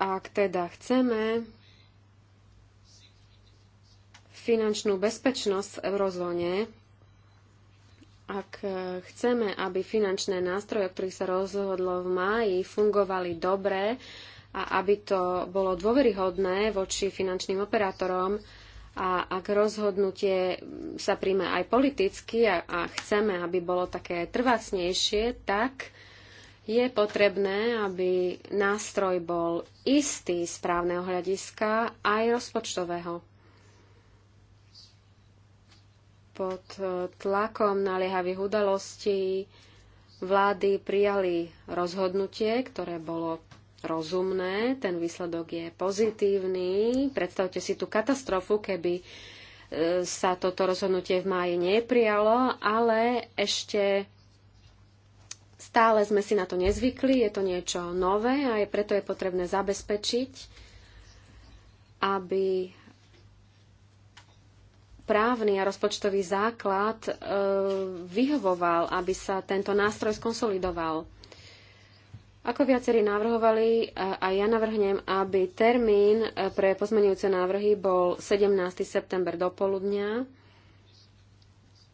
Ak teda chceme finančnú bezpečnosť v eurozóne, ak chceme, aby finančné nástroje, o ktorých sa rozhodlo v máji, fungovali dobre a aby to bolo dôveryhodné voči finančným operátorom, a ak rozhodnutie sa príjme aj politicky a, a chceme, aby bolo také trvácnejšie, tak je potrebné, aby nástroj bol istý z právneho hľadiska aj rozpočtového. Pod e, tlakom naliehavých udalostí vlády prijali rozhodnutie, ktoré bolo rozumné, ten výsledok je pozitívny. Predstavte si tú katastrofu, keby e, sa toto rozhodnutie v máji neprijalo, ale ešte stále sme si na to nezvykli, je to niečo nové a je, preto je potrebné zabezpečiť, aby právny a rozpočtový základ e, vyhovoval, aby sa tento nástroj skonsolidoval. Ako viacerí navrhovali, e, a ja navrhnem, aby termín e, pre pozmenujúce návrhy bol 17. september do poludnia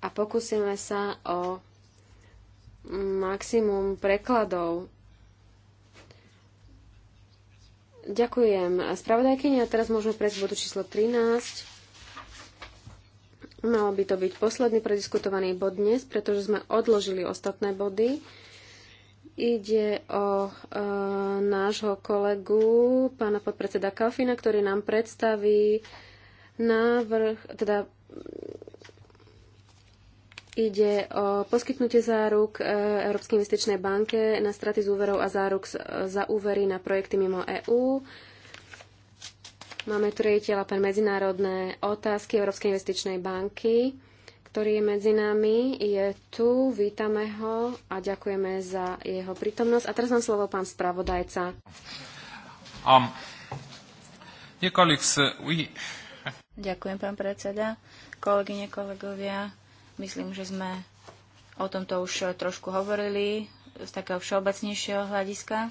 a pokúsime sa o maximum prekladov. Ďakujem spravodajkyni a teraz môžeme prejsť bodu číslo 13. Malo by to byť posledný prediskutovaný bod dnes, pretože sme odložili ostatné body. Ide o e, nášho kolegu, pána podpredseda Kalfina, ktorý nám predstaví návrh, teda ide o poskytnutie záruk e, Európskej investičnej banke na straty z úverov a záruk za úvery na projekty mimo EÚ. Máme tu rejiteľa pre medzinárodné otázky Európskej investičnej banky ktorý je medzi nami, je tu, vítame ho a ďakujeme za jeho prítomnosť. A teraz mám slovo pán spravodajca. Um, colleagues, uh, we... Ďakujem, pán predseda. Kolegyne, kolegovia, myslím, že sme o tomto už trošku hovorili z takého všeobecnejšieho hľadiska.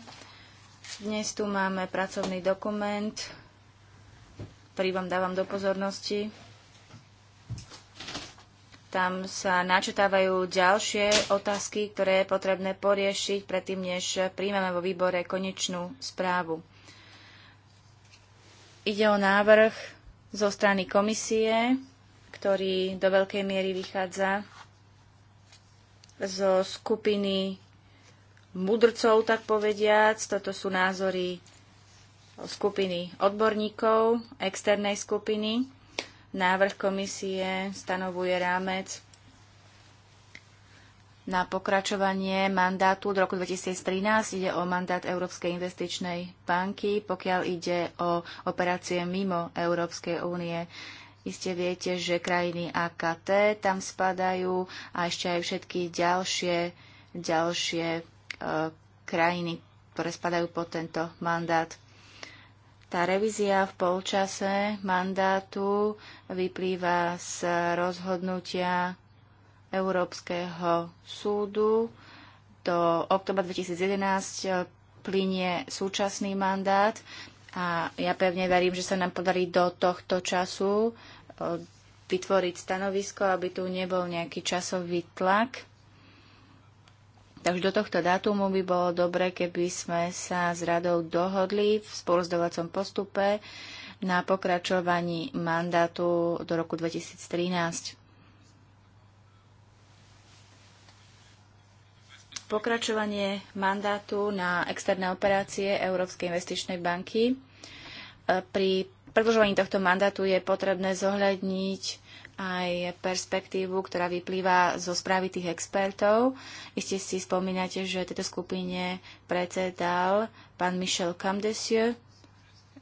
Dnes tu máme pracovný dokument, ktorý vám dávam do pozornosti tam sa načetávajú ďalšie otázky, ktoré je potrebné poriešiť predtým, než príjmeme vo výbore konečnú správu. Ide o návrh zo strany komisie, ktorý do veľkej miery vychádza zo skupiny mudrcov, tak povediac. Toto sú názory skupiny odborníkov, externej skupiny. Návrh komisie stanovuje rámec na pokračovanie mandátu od roku 2013 ide o mandát Európskej investičnej banky, pokiaľ ide o operácie mimo Európskej únie. Iste viete, že krajiny AKT tam spadajú a ešte aj všetky ďalšie, ďalšie e, krajiny, ktoré spadajú pod tento mandát. Tá revízia v polčase mandátu vyplýva z rozhodnutia Európskeho súdu. Do oktobra 2011 plinie súčasný mandát a ja pevne verím, že sa nám podarí do tohto času eh, vytvoriť stanovisko, aby tu nebol nejaký časový tlak Takže do tohto dátumu by bolo dobre, keby sme sa s radou dohodli v spolozdovacom postupe na pokračovaní mandátu do roku 2013. Pokračovanie mandátu na externé operácie Európskej investičnej banky. E, pri predlžovaní tohto mandátu je potrebné zohľadniť aj perspektívu, ktorá vyplýva zo správy tých expertov. Iste si spomínate, že tejto skupine predsedal pán Michel Camdesieu,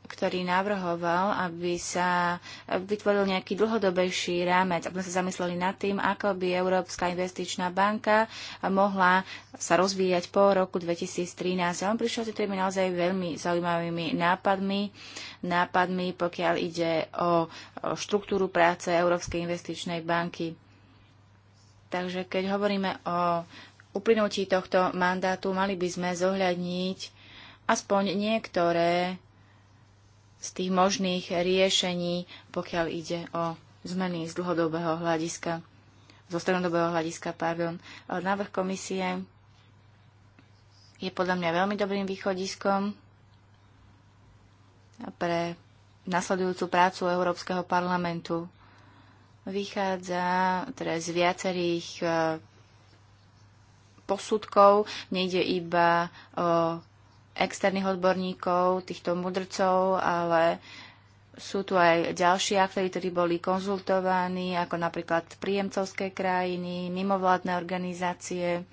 ktorý navrhoval, aby sa vytvoril nejaký dlhodobejší rámec, aby sme sa zamysleli nad tým, ako by Európska investičná banka mohla sa rozvíjať po roku 2013. A on prišiel s tými naozaj veľmi zaujímavými nápadmi, nápadmi, pokiaľ ide o štruktúru práce Európskej investičnej banky. Takže keď hovoríme o uplynutí tohto mandátu, mali by sme zohľadniť aspoň niektoré z tých možných riešení, pokiaľ ide o zmeny z dlhodobého hľadiska, zo strednodobého hľadiska, pardon. Návrh komisie je podľa mňa veľmi dobrým východiskom pre nasledujúcu prácu Európskeho parlamentu. Vychádza teda z viacerých eh, posudkov, nejde iba o externých odborníkov, týchto mudrcov, ale sú tu aj ďalší aktéry, ktorí boli konzultovaní, ako napríklad príjemcovské krajiny, mimovládne organizácie.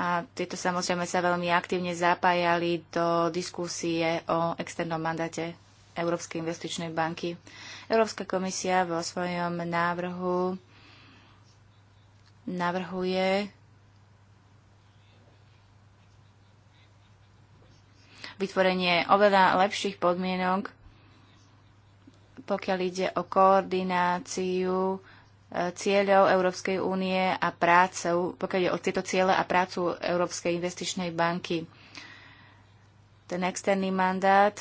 A tieto samozrejme sa veľmi aktívne zapájali do diskusie o externom mandáte Európskej investičnej banky. Európska komisia vo svojom návrhu navrhuje vytvorenie oveľa lepších podmienok, pokiaľ ide o koordináciu e, cieľov Európskej únie a prácu, pokiaľ ide o tieto ciele a prácu Európskej investičnej banky. Ten externý mandát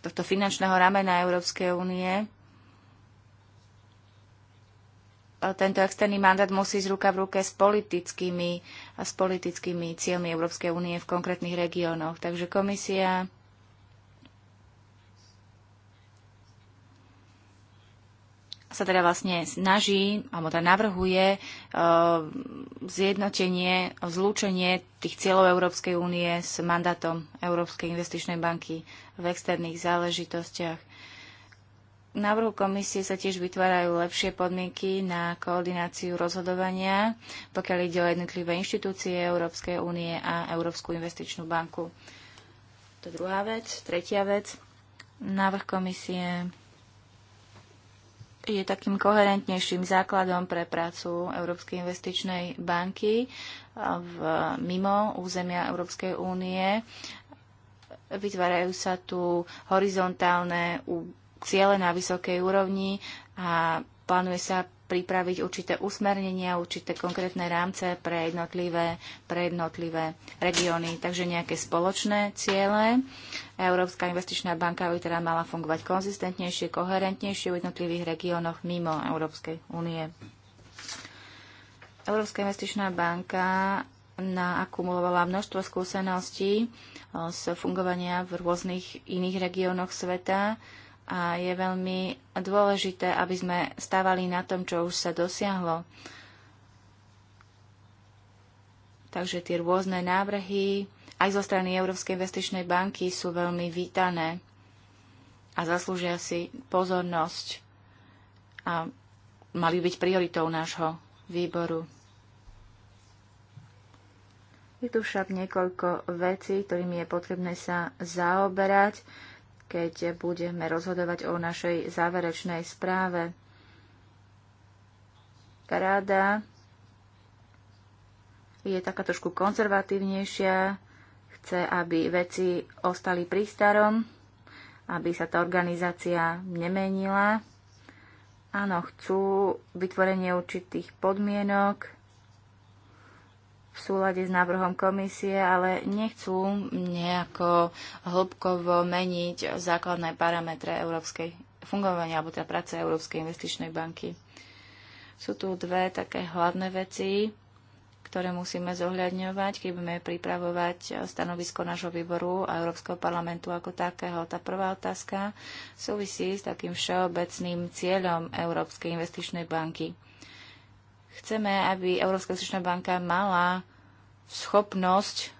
tohto finančného ramena Európskej únie tento externý mandát musí z ruka v ruke s politickými, a s politickými cieľmi Európskej únie v konkrétnych regiónoch. Takže komisia sa teda vlastne snaží, alebo teda navrhuje e, zjednotenie, zlúčenie tých cieľov Európskej únie s mandátom Európskej investičnej banky v externých záležitostiach návrhu komisie sa tiež vytvárajú lepšie podmienky na koordináciu rozhodovania, pokiaľ ide o jednotlivé inštitúcie Európskej únie a Európsku investičnú banku. To je druhá vec. Tretia vec. Návrh komisie je takým koherentnejším základom pre prácu Európskej investičnej banky e, v, mimo územia Európskej únie. Vytvárajú sa tu horizontálne ciele na vysokej úrovni a plánuje sa pripraviť určité usmernenia, určité konkrétne rámce pre jednotlivé, pre jednotlivé regióny. Takže nejaké spoločné ciele. Európska investičná banka by teda mala fungovať konzistentnejšie, koherentnejšie v jednotlivých regiónoch mimo Európskej únie. Európska investičná banka naakumulovala množstvo skúseností eh, z fungovania v rôznych iných regiónoch sveta a je veľmi dôležité, aby sme stávali na tom, čo už sa dosiahlo. Takže tie rôzne návrhy aj zo strany Európskej investičnej banky sú veľmi vítané a zaslúžia si pozornosť a mali byť prioritou nášho výboru. Je tu však niekoľko vecí, ktorými je potrebné sa zaoberať keď budeme rozhodovať o našej záverečnej správe. Rada je taká trošku konzervatívnejšia, chce, aby veci ostali pri starom, aby sa tá organizácia nemenila. Áno, chcú vytvorenie určitých podmienok, v súlade s návrhom komisie, ale nechcú nejako hĺbkovo meniť základné parametre európskej fungovania alebo teda práce Európskej investičnej banky. Sú tu dve také hlavné veci, ktoré musíme zohľadňovať, keď budeme pripravovať stanovisko nášho výboru a Európskeho parlamentu ako takého. Tá prvá otázka súvisí s takým všeobecným cieľom Európskej investičnej banky Chceme, aby Európska investičná banka mala schopnosť,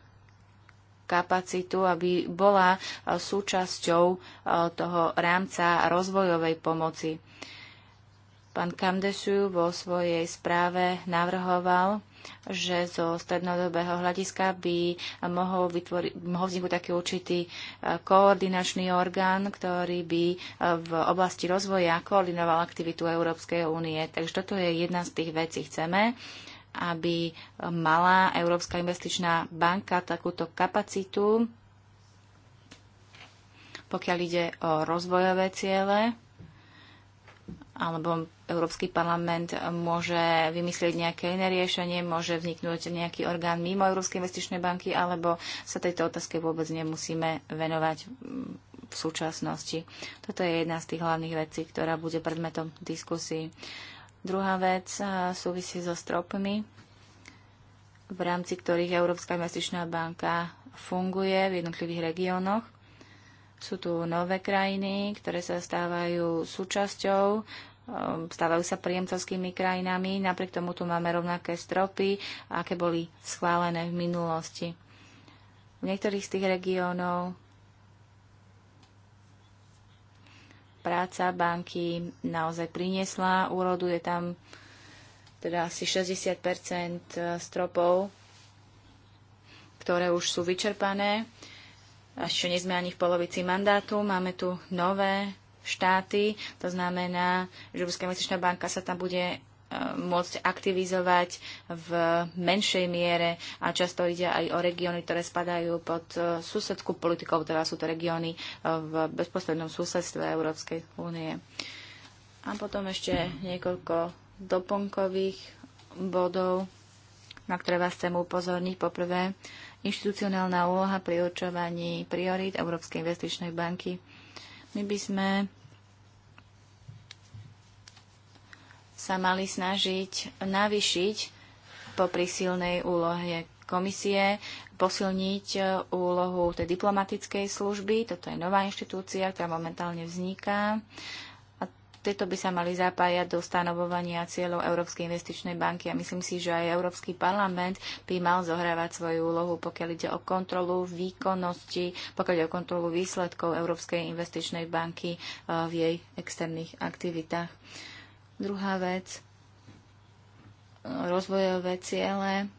kapacitu, aby bola e, súčasťou e, toho rámca rozvojovej pomoci. Pán Kamdešu vo svojej správe navrhoval, že zo strednodobého hľadiska by mohol, vytvori, mohol vzniknúť taký určitý e, koordinačný orgán, ktorý by e, v oblasti rozvoja koordinoval aktivitu Európskej únie. Takže toto je jedna z tých vecí. Chceme, aby mala Európska investičná banka takúto kapacitu, pokiaľ ide o rozvojové ciele alebo Európsky parlament môže vymyslieť nejaké iné riešenie, môže vzniknúť nejaký orgán mimo Európskej investičnej banky, alebo sa tejto otázke vôbec nemusíme venovať mm, v súčasnosti. Toto je jedna z tých hlavných vecí, ktorá bude predmetom diskusí. Druhá vec súvisí so stropmi, v rámci ktorých Európska investičná banka funguje v jednotlivých regiónoch. Sú tu nové krajiny, ktoré sa stávajú súčasťou um, stávajú sa príjemcovskými krajinami, napriek tomu tu máme rovnaké stropy, aké boli schválené v minulosti. V niektorých z tých regiónov práca banky naozaj priniesla úrodu. Je tam teda asi 60 stropov, ktoré už sú vyčerpané ešte nie sme ani v polovici mandátu, máme tu nové štáty, to znamená, že Ruská investičná banka sa tam bude e, môcť aktivizovať v menšej miere a často ide aj o regióny, ktoré spadajú pod e, susedskú politikou, teda sú to regióny e, v bezposlednom susedstve Európskej únie. A potom ešte niekoľko doplnkových bodov, na ktoré vás chcem upozorniť. Poprvé, inštitucionálna úloha pri určovaní priorít Európskej investičnej banky. My by sme sa mali snažiť navyšiť po prísilnej úlohe komisie, posilniť e, úlohu tej diplomatickej služby. Toto je nová inštitúcia, ktorá momentálne vzniká tieto by sa mali zapájať do stanovovania cieľov Európskej investičnej banky a myslím si, že aj Európsky parlament by mal zohrávať svoju úlohu, pokiaľ ide o kontrolu výkonnosti, pokiaľ ide o kontrolu výsledkov Európskej investičnej banky e, v jej externých aktivitách. Druhá vec, e, rozvojové ciele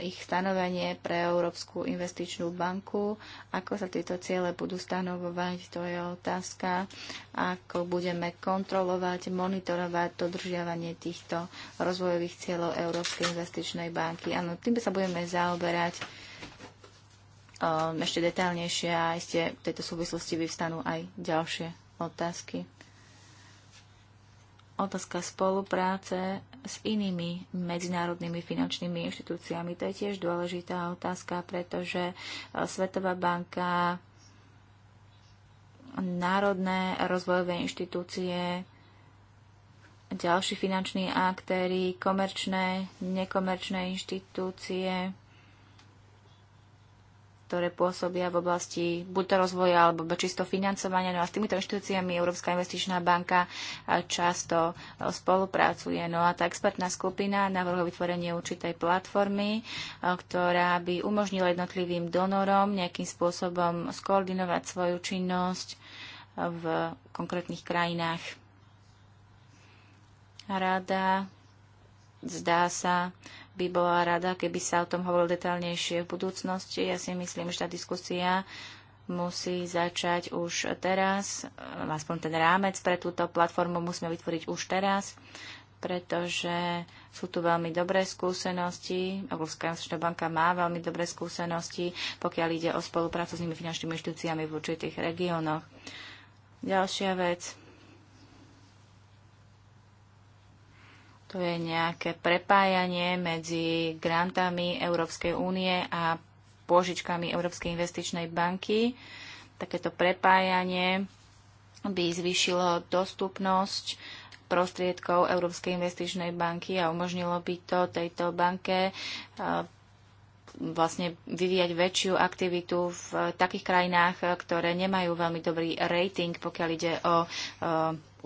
ich stanovenie pre Európsku investičnú banku. Ako sa tieto ciele budú stanovovať, to je otázka. Ako budeme kontrolovať, monitorovať dodržiavanie týchto rozvojových cieľov Európskej investičnej banky. Áno, tým sa budeme zaoberať um, ešte detailnejšie a ešte v tejto súvislosti vyvstanú aj ďalšie otázky. Otázka spolupráce s inými medzinárodnými finančnými inštitúciami. To je tiež dôležitá otázka, pretože e, Svetová banka, národné rozvojové inštitúcie, ďalší finanční aktéry, komerčné, nekomerčné inštitúcie, ktoré pôsobia v oblasti buď to rozvoja alebo čisto financovania. No a s týmito inštitúciami Európska investičná banka často spolupracuje. No a tá expertná skupina navrhuje vytvorenie určitej platformy, ktorá by umožnila jednotlivým donorom nejakým spôsobom skoordinovať svoju činnosť v konkrétnych krajinách. Rada, zdá sa, by bola rada, keby sa o tom hovorilo detaľnejšie v budúcnosti. Ja si myslím, že tá diskusia musí začať už teraz, aspoň ten rámec pre túto platformu musíme vytvoriť už teraz, pretože sú tu veľmi dobré skúsenosti. Európska investičná banka má veľmi dobré skúsenosti, pokiaľ ide o spoluprácu s nimi finančnými inštitúciami v určitých regiónoch. Ďalšia vec. To je nejaké prepájanie medzi grantami Európskej únie a pôžičkami Európskej investičnej banky. Takéto prepájanie by zvýšilo dostupnosť prostriedkov Európskej investičnej banky a umožnilo by to tejto banke eh, vlastne vyvíjať väčšiu aktivitu v takých krajinách, e, ktoré nemajú veľmi dobrý rating, pokiaľ ide o e,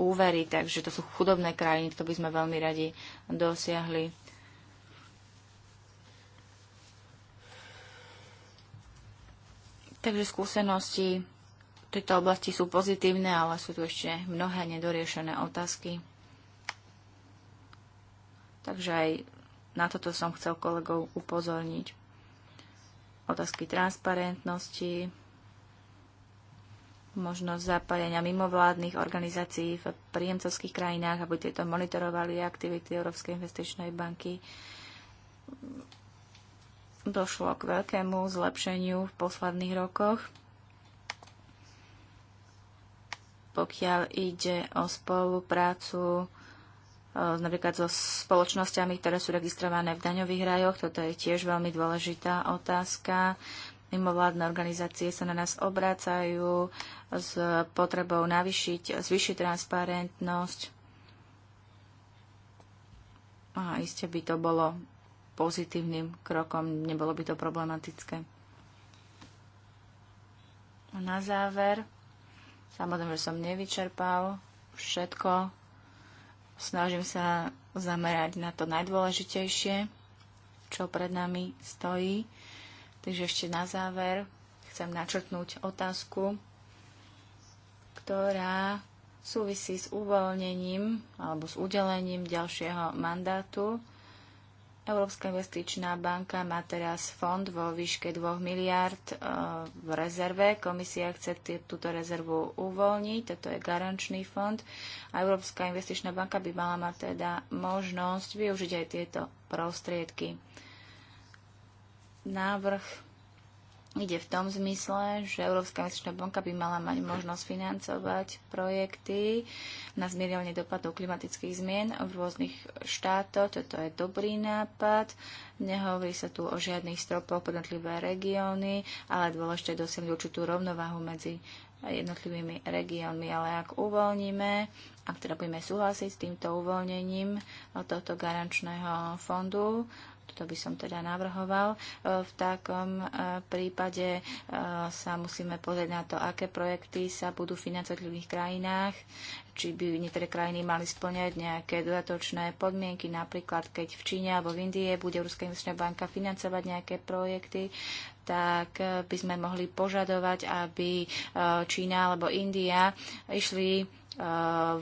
úvery, takže to sú chudobné krajiny, to by sme veľmi radi dosiahli. Takže skúsenosti v tejto oblasti sú pozitívne, ale sú tu ešte mnohé nedoriešené otázky. Takže aj na toto som chcel kolegov upozorniť otázky transparentnosti, možnosť zapájania mimovládnych organizácií v príjemcovských krajinách, aby tieto monitorovali aktivity Európskej investičnej banky. Došlo k veľkému zlepšeniu v posledných rokoch. Pokiaľ ide o spoluprácu Eh, napríklad so spoločnosťami, ktoré sú registrované v daňových rajoch. Toto je tiež veľmi dôležitá otázka. Mimovládne organizácie sa na nás obrácajú s potrebou navyšiť, zvyšiť transparentnosť. A iste by to bolo pozitívnym krokom, nebolo by to problematické. A na záver, samozrejme, že som nevyčerpal všetko, Snažím sa zamerať na to najdôležitejšie, čo pred nami stojí. Takže ešte na záver chcem načrtnúť otázku, ktorá súvisí s uvoľnením alebo s udelením ďalšieho mandátu Európska investičná banka má teraz fond vo výške 2 miliard e, v rezerve. Komisia chce túto rezervu uvoľniť, toto je garančný fond. A Európska investičná banka by mala mať teda možnosť využiť aj tieto prostriedky. Návrh Ide v tom zmysle, že Európska investičná banka by mala mať možnosť financovať projekty na zmierenie dopadov klimatických zmien v rôznych štátoch. Toto je dobrý nápad. Nehovorí sa tu o žiadnych stropoch pre jednotlivé regióny, ale dôležité je dosiahnuť určitú rovnováhu medzi jednotlivými regiónmi. Ale ak uvoľníme, ak teda budeme súhlasiť s týmto uvoľnením tohto garančného fondu, to by som teda navrhoval. E, v takom e, prípade e, sa musíme pozrieť na to, aké projekty sa budú financovať v jednotlivých krajinách, či by niektoré krajiny mali splňať nejaké dodatočné podmienky, napríklad keď v Číne alebo v Indie bude Európska investičná banka financovať nejaké projekty, tak by sme mohli požadovať, aby Čína alebo India išli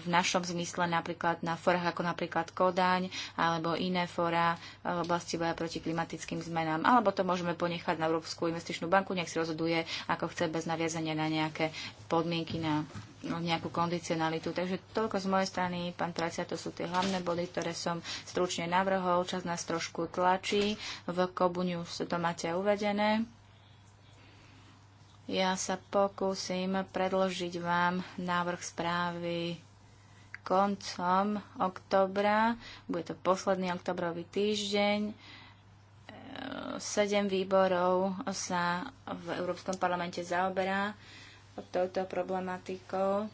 v našom zmysle napríklad na forách ako napríklad Kodaň alebo iné fora eh, v oblasti boja proti klimatickým zmenám. Alebo to môžeme ponechať na Európsku investičnú banku, nech si rozhoduje, ako chce bez naviazania na nejaké podmienky, na nejakú kondicionalitu. Takže toľko z mojej strany, pán Tracia, to sú tie hlavné body, ktoré som stručne navrhol. Čas nás trošku tlačí. V kobuňu to máte uvedené. Ja sa pokúsim predložiť vám návrh správy koncom oktobra. Bude to posledný oktobrový týždeň. Sedem výborov sa v Európskom parlamente zaoberá touto problematikou.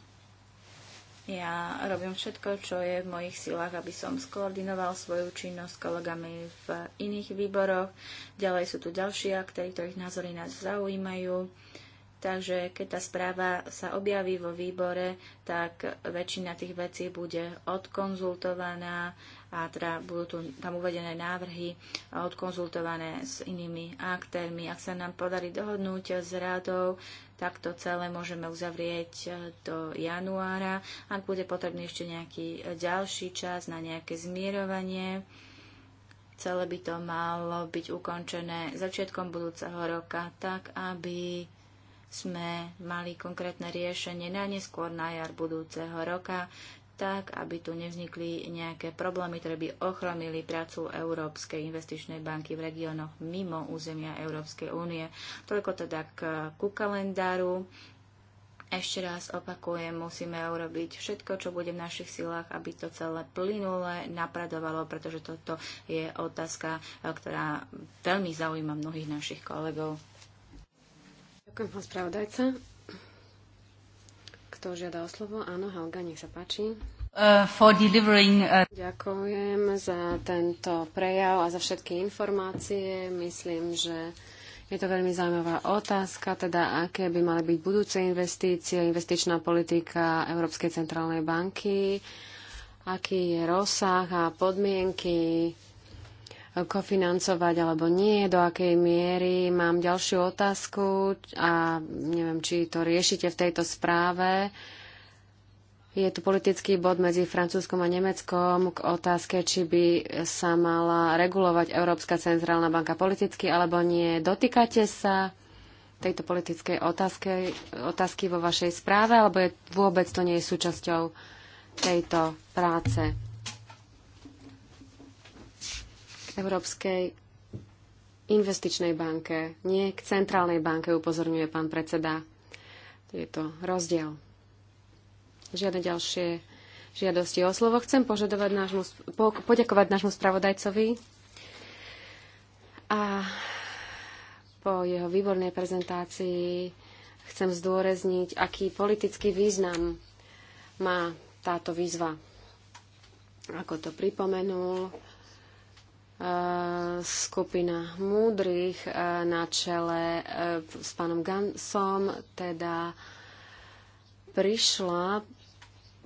Ja robím všetko, čo je v mojich silách, aby som skoordinoval svoju činnosť s kolegami v iných výboroch. Ďalej sú tu ďalší aktéry, ktorých názory nás zaujímajú. Takže keď tá správa sa objaví vo výbore, tak väčšina tých vecí bude odkonzultovaná a teda budú tu, tam uvedené návrhy odkonzultované s inými aktérmi. Ak sa nám podarí dohodnúť s radou, tak to celé môžeme uzavrieť e, do januára. Ak bude potrebný ešte nejaký e, ďalší čas na nejaké zmierovanie, celé by to malo byť ukončené začiatkom budúceho roka, tak aby sme mali konkrétne riešenie na neskôr na jar budúceho roka, tak aby tu nevznikli nejaké problémy, ktoré by ochromili prácu Európskej investičnej banky v regiónoch mimo územia Európskej únie. Toľko teda k, ku kalendáru. Ešte raz opakujem, musíme urobiť všetko, čo bude v našich silách, aby to celé plynule napredovalo, pretože toto je otázka, ktorá veľmi zaujíma mnohých našich kolegov. Ďakujem, pán spravodajca. Kto žiada o slovo? Áno, Helga, nech sa páči. Uh, for delivering, uh... Ďakujem za tento prejav a za všetky informácie. Myslím, že je to veľmi zaujímavá otázka, teda aké by mali byť budúce investície, investičná politika Európskej centrálnej banky, aký je rozsah a podmienky kofinancovať alebo nie, do akej miery. Mám ďalšiu otázku a neviem, či to riešite v tejto správe. Je tu politický bod medzi Francúzskom a Nemeckom k otázke, či by sa mala regulovať Európska centrálna banka politicky alebo nie. Dotýkate sa tejto politickej otázky, otázky vo vašej správe alebo je, vôbec to nie je súčasťou tejto práce? Európskej investičnej banke, nie k centrálnej banke, upozorňuje pán predseda. Je to rozdiel. Žiadne ďalšie žiadosti o slovo. Chcem požadovať nášmu, po, poďakovať nášmu spravodajcovi a po jeho výbornej prezentácii chcem zdôrazniť, aký politický význam má táto výzva. Ako to pripomenul, skupina múdrych e, na čele e, s pánom Gansom teda prišla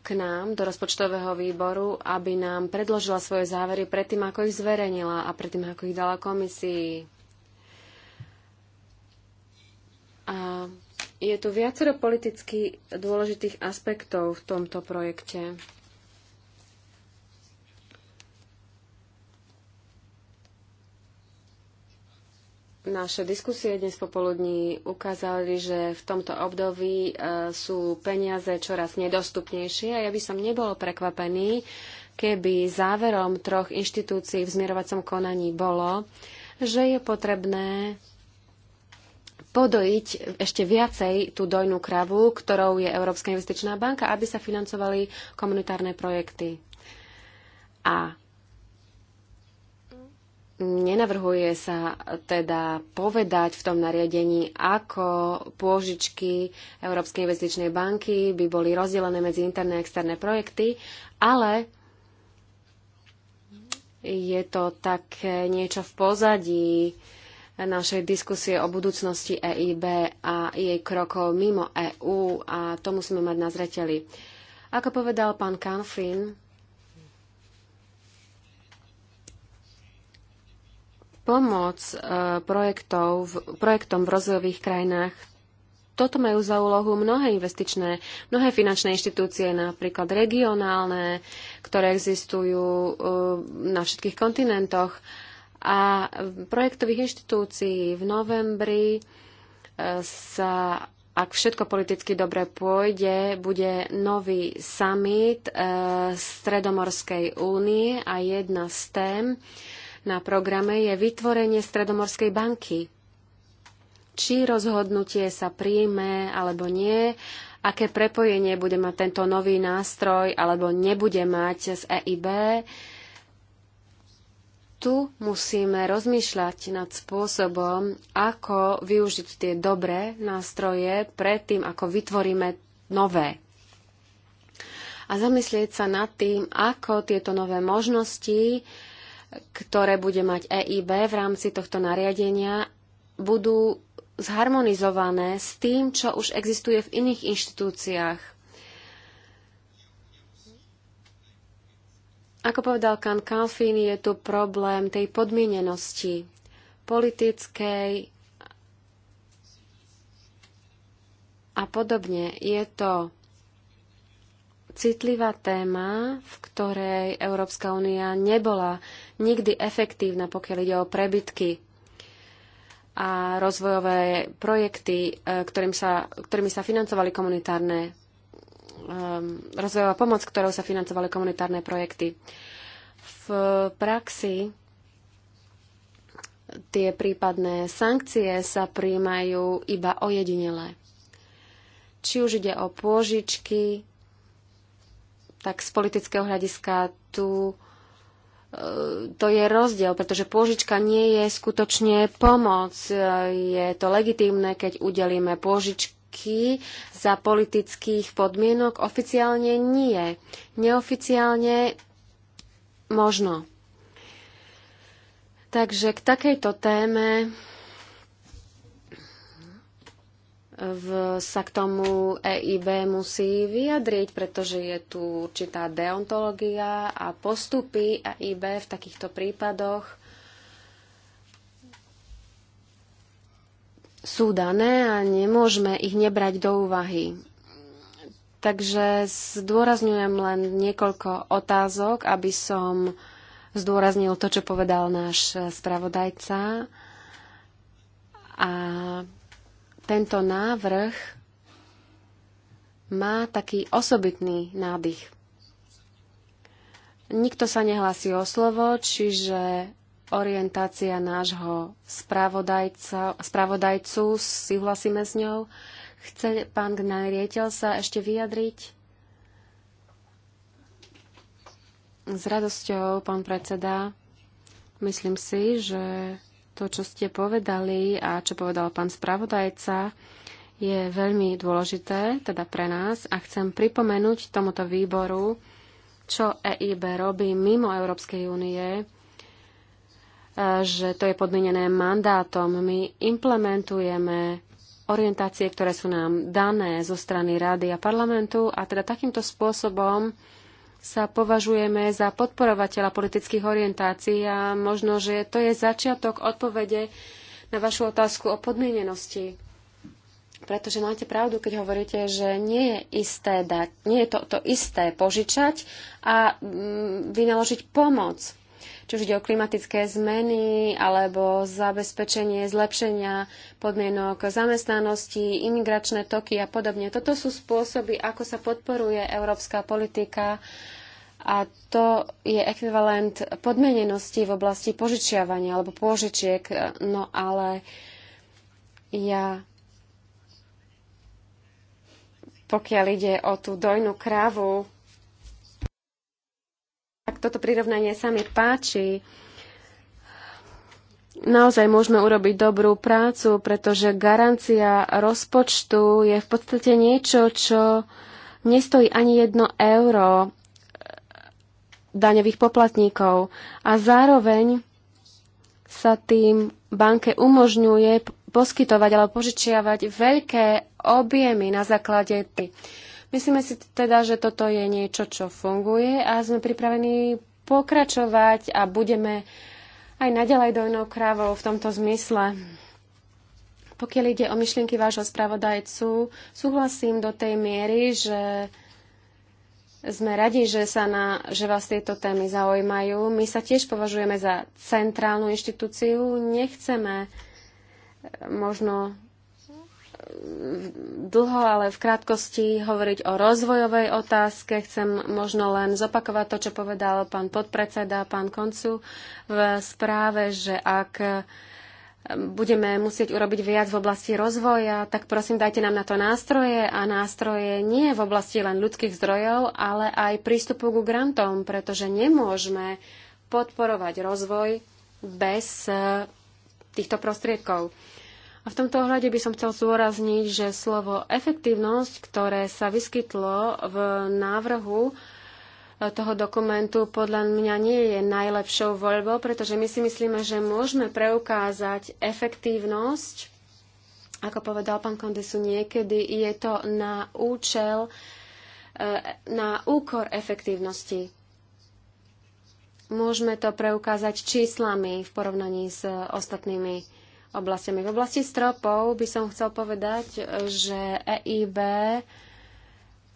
k nám do rozpočtového výboru, aby nám predložila svoje závery predtým, ako ich zverejnila a predtým, ako ich dala komisii. A je tu viacero politicky dôležitých aspektov v tomto projekte. Naše diskusie dnes popoludní ukázali, že v tomto období e, sú peniaze čoraz nedostupnejšie a ja by som nebol prekvapený, keby záverom troch inštitúcií v zmierovacom konaní bolo, že je potrebné podojiť ešte viacej tú dojnú kravu, ktorou je Európska investičná banka, aby sa financovali komunitárne projekty. A Nenavrhuje sa teda povedať v tom nariadení, ako pôžičky Európskej investičnej banky by boli rozdelené medzi interné a externé projekty, ale je to také niečo v pozadí našej diskusie o budúcnosti EIB a jej krokov mimo EÚ a to musíme mať na zreteli. Ako povedal pán Kanfin, Pomoc e, projektov, projektom v rozvojových krajinách toto majú za úlohu mnohé investičné, mnohé finančné inštitúcie, napríklad regionálne, ktoré existujú e, na všetkých kontinentoch. A projektových inštitúcií v novembri e, sa, ak všetko politicky dobre pôjde, bude nový summit Stredomorskej únie a jedna z tém, na programe je vytvorenie Stredomorskej banky. Či rozhodnutie sa príjme alebo nie, aké prepojenie bude mať tento nový nástroj alebo nebude mať z EIB, tu musíme rozmýšľať nad spôsobom, ako využiť tie dobré nástroje predtým, ako vytvoríme nové. A zamyslieť sa nad tým, ako tieto nové možnosti ktoré bude mať EIB v rámci tohto nariadenia, budú zharmonizované s tým, čo už existuje v iných inštitúciách. Ako povedal Kan Kalfin, je tu problém tej podmienenosti politickej a podobne. Je to citlivá téma, v ktorej Európska únia nebola nikdy efektívna, pokiaľ ide o prebytky a rozvojové projekty, e, ktorým sa, ktorými sa financovali komunitárne um, rozvojová pomoc, ktorou sa financovali komunitárne projekty. V praxi tie prípadné sankcie sa príjmajú iba ojedinele. Či už ide o pôžičky, tak z politického hľadiska tu e, to je rozdiel, pretože pôžička nie je skutočne pomoc. E, je to legitímne, keď udelíme pôžičky za politických podmienok. Oficiálne nie. Neoficiálne možno. Takže k takejto téme v, sa k tomu EIB musí vyjadriť, pretože je tu určitá deontológia a postupy EIB v takýchto prípadoch sú dané a nemôžeme ich nebrať do úvahy. Takže zdôrazňujem len niekoľko otázok, aby som zdôraznil to, čo povedal náš spravodajca. A tento návrh má taký osobitný nádych. Nikto sa nehlási o slovo, čiže orientácia nášho spravodajcu, súhlasíme s ňou. Chce pán Gnajrieteľ sa ešte vyjadriť? S radosťou, pán predseda. Myslím si, že to, čo ste povedali a čo povedal pán spravodajca, je veľmi dôležité, teda pre nás, a chcem pripomenúť tomuto výboru, čo EIB robí mimo Európskej únie, e, že to je podmienené mandátom. My implementujeme orientácie, ktoré sú nám dané zo strany Rady a parlamentu a teda takýmto spôsobom sa považujeme za podporovateľa politických orientácií a možno, že to je začiatok odpovede na vašu otázku o podmienenosti. Pretože máte pravdu, keď hovoríte, že nie je, isté dať, nie je to, to isté požičať a mm, vynaložiť pomoc či už ide o klimatické zmeny alebo zabezpečenie zlepšenia podmienok zamestnanosti, imigračné toky a podobne. Toto sú spôsoby, ako sa podporuje európska politika a to je ekvivalent podmenenosti v oblasti požičiavania alebo pôžičiek. No ale ja pokiaľ ide o tú dojnú krávu, toto prirovnanie sa mi páči. Naozaj môžeme urobiť dobrú prácu, pretože garancia rozpočtu je v podstate niečo, čo nestojí ani jedno euro daňových poplatníkov a zároveň sa tým banke umožňuje poskytovať alebo požičiavať veľké objemy na základe tých Myslíme si teda, že toto je niečo, čo funguje a sme pripravení pokračovať a budeme aj naďalej dojnou krávou v tomto zmysle. Pokiaľ ide o myšlienky vášho spravodajcu, súhlasím do tej miery, že sme radi, že, sa na, že vás tieto témy zaujímajú. My sa tiež považujeme za centrálnu inštitúciu. Nechceme eh, možno dlho, ale v krátkosti hovoriť o rozvojovej otázke. Chcem možno len zopakovať to, čo povedal pán podpredseda, pán Koncu v správe, že ak budeme musieť urobiť viac v oblasti rozvoja, tak prosím dajte nám na to nástroje a nástroje nie v oblasti len ľudských zdrojov, ale aj prístupu ku grantom, pretože nemôžeme podporovať rozvoj bez eh, týchto prostriedkov. A v tomto ohľade by som chcel zúrazniť, že slovo efektívnosť, ktoré sa vyskytlo v návrhu e, toho dokumentu, podľa mňa nie je najlepšou voľbou, pretože my si myslíme, že môžeme preukázať efektívnosť. Ako povedal pán Kondesu, niekedy je to na účel, e, na úkor efektívnosti. Môžeme to preukázať číslami v porovnaní s ostatnými oblastiami. V oblasti stropov by som chcel povedať, že EIB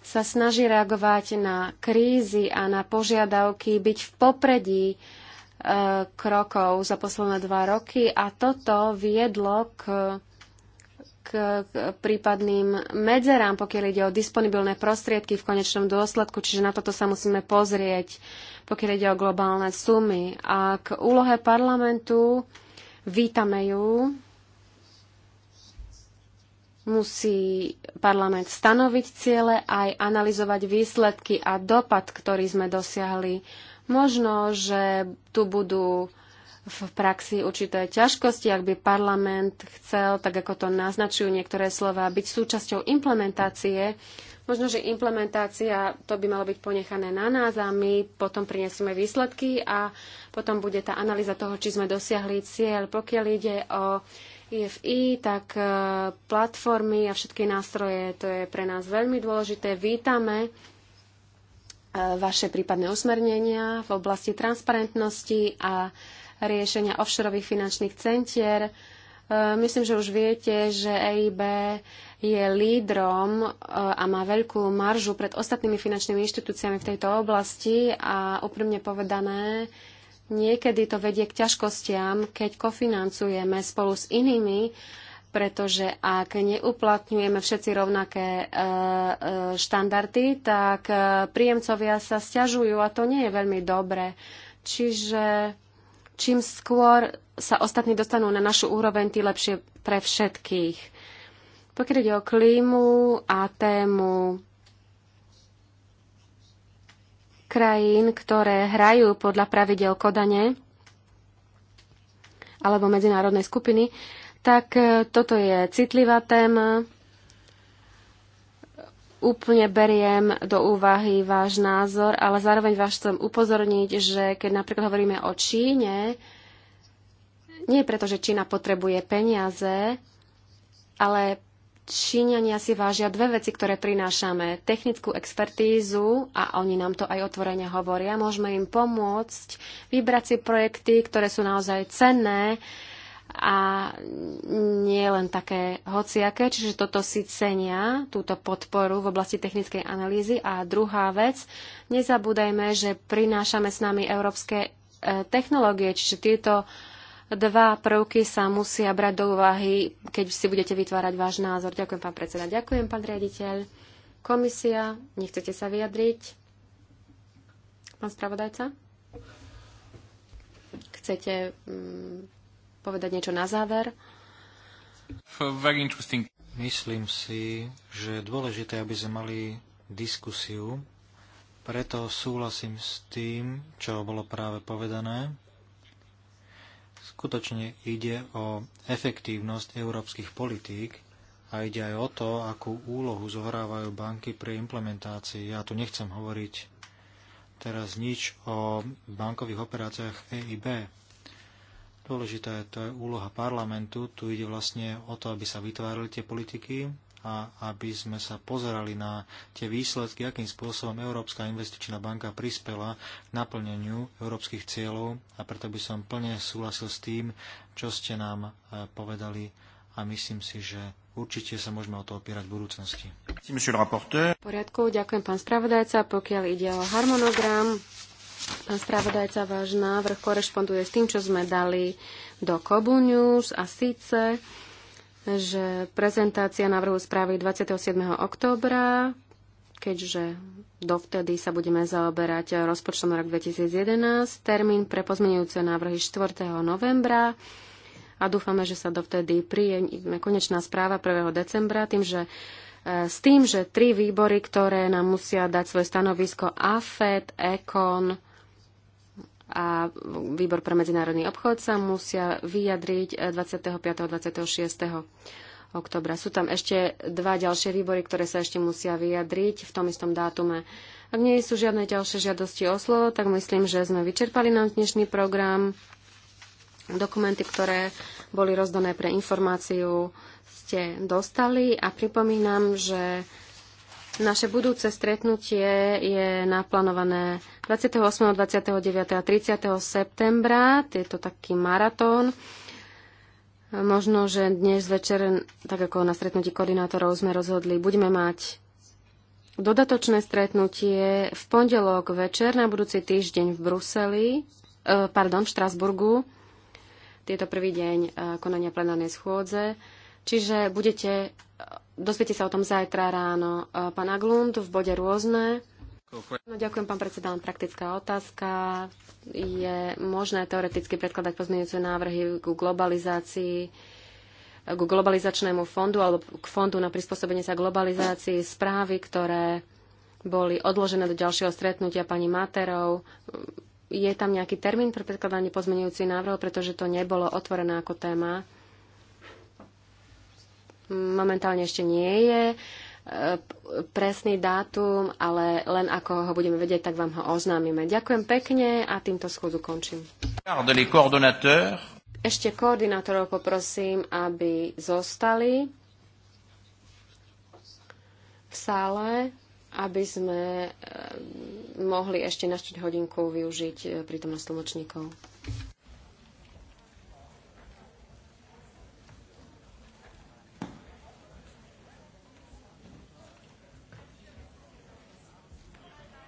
sa snaží reagovať na krízy a na požiadavky, byť v popredí e, krokov za posledné dva roky a toto viedlo k, k, k prípadným medzerám, pokiaľ ide o disponibilné prostriedky v konečnom dôsledku, čiže na toto sa musíme pozrieť, pokiaľ ide o globálne sumy. A k úlohe parlamentu Vítame ju. Musí parlament stanoviť ciele aj analyzovať výsledky a dopad, ktorý sme dosiahli. Možno, že tu budú v praxi určité ťažkosti, ak by parlament chcel, tak ako to naznačujú niektoré slova, byť súčasťou implementácie. Možno, že implementácia, to by malo byť ponechané na nás a my potom prinesieme výsledky a potom bude tá analýza toho, či sme dosiahli cieľ. Pokiaľ ide o IFI, e tak e, platformy a všetky nástroje, to je pre nás veľmi dôležité. Vítame e, vaše prípadné usmernenia v oblasti transparentnosti a riešenia offshoreových finančných centier. Myslím, že už viete, že EIB je lídrom a má veľkú maržu pred ostatnými finančnými inštitúciami v tejto oblasti a úprimne povedané, Niekedy to vedie k ťažkostiam, keď kofinancujeme spolu s inými, pretože ak neuplatňujeme všetci rovnaké e, e, štandardy, tak e, príjemcovia sa stiažujú a to nie je veľmi dobré. Čiže čím skôr sa ostatní dostanú na našu úroveň, tým lepšie pre všetkých. Pokiaľ ide o klímu a tému krajín, ktoré hrajú podľa pravidel Kodane alebo medzinárodnej skupiny, tak e, toto je citlivá téma. Úplne beriem do úvahy váš názor, ale zároveň vás chcem upozorniť, že keď napríklad hovoríme o Číne, nie preto, že Čína potrebuje peniaze, ale Číňania si vážia dve veci, ktoré prinášame. Technickú expertízu, a oni nám to aj otvorene hovoria, môžeme im pomôcť vybrať si projekty, ktoré sú naozaj cenné a nie len také hociaké, čiže toto si cenia, túto podporu v oblasti technickej analýzy. A druhá vec, nezabúdajme, že prinášame s nami európske e, technológie, čiže tieto dva prvky sa musia brať do úvahy, keď si budete vytvárať váš názor. Ďakujem, pán predseda. Ďakujem, pán riaditeľ. Komisia, nechcete sa vyjadriť? Pán spravodajca? Chcete mm, povedať niečo na záver? Myslím si, že je dôležité, aby sme mali diskusiu, preto súhlasím s tým, čo bolo práve povedané Skutočne ide o efektívnosť európskych politík a ide aj o to, akú úlohu zohrávajú banky pri implementácii. Ja tu nechcem hovoriť teraz nič o bankových operáciách EIB. Dôležitá je to je úloha parlamentu. Tu ide vlastne o to, aby sa vytvárali tie politiky, a aby sme sa pozerali na tie výsledky, akým spôsobom Európska investičná banka prispela k naplneniu európskych cieľov a preto by som plne súhlasil s tým, čo ste nám e, povedali a myslím si, že určite sa môžeme o to opierať v budúcnosti. V poriadku, ďakujem pán spravodajca. Pokiaľ ide o harmonogram, pán spravodajca, váš návrh korešponduje s tým, čo sme dali do Kobu News a síce že prezentácia návrhu správy 27. októbra, keďže dovtedy sa budeme zaoberať rozpočtom rok 2011, termín pre pozmenujúce návrhy 4. novembra a dúfame, že sa dovtedy príjme konečná správa 1. decembra, tým, že e, s tým, že tri výbory, ktoré nám musia dať svoje stanovisko AFED, EKON a Výbor pre medzinárodný obchod sa musia vyjadriť 25. a 26. oktobra. Sú tam ešte dva ďalšie výbory, ktoré sa ešte musia vyjadriť v tom istom dátume. Ak nie sú žiadne ďalšie žiadosti o slovo, tak myslím, že sme vyčerpali nám dnešný program. Dokumenty, ktoré boli rozdané pre informáciu, ste dostali a pripomínam, že naše budúce stretnutie je naplánované 28., 29. a 30. septembra. Je to taký maratón. Možno, že dnes večer, tak ako na stretnutí koordinátorov sme rozhodli, budeme mať dodatočné stretnutie v pondelok večer na budúci týždeň v Bruseli, e, pardon, v Štrasburgu. Tieto prvý deň e, konania plenárnej schôdze. Čiže budete Dozviete sa o tom zajtra ráno. E, pán Aglund v bode rôzne. No, ďakujem, pán predseda. Len praktická otázka. Je možné teoreticky predkladať pozmeňujúce návrhy ku globalizácii k globalizačnému fondu alebo k fondu na prispôsobenie sa globalizácii správy, ktoré boli odložené do ďalšieho stretnutia pani Materov. Je tam nejaký termín pre predkladanie pozmenujúcich návrhov, pretože to nebolo otvorené ako téma momentálne ešte nie je e, presný dátum, ale len ako ho budeme vedieť, tak vám ho oznámime. Ďakujem pekne a týmto schôdzu končím. Ešte koordinátorov poprosím, aby zostali v sále, aby sme e, mohli ešte naštiť hodinku využiť e, prítomnosť tlmočníkov.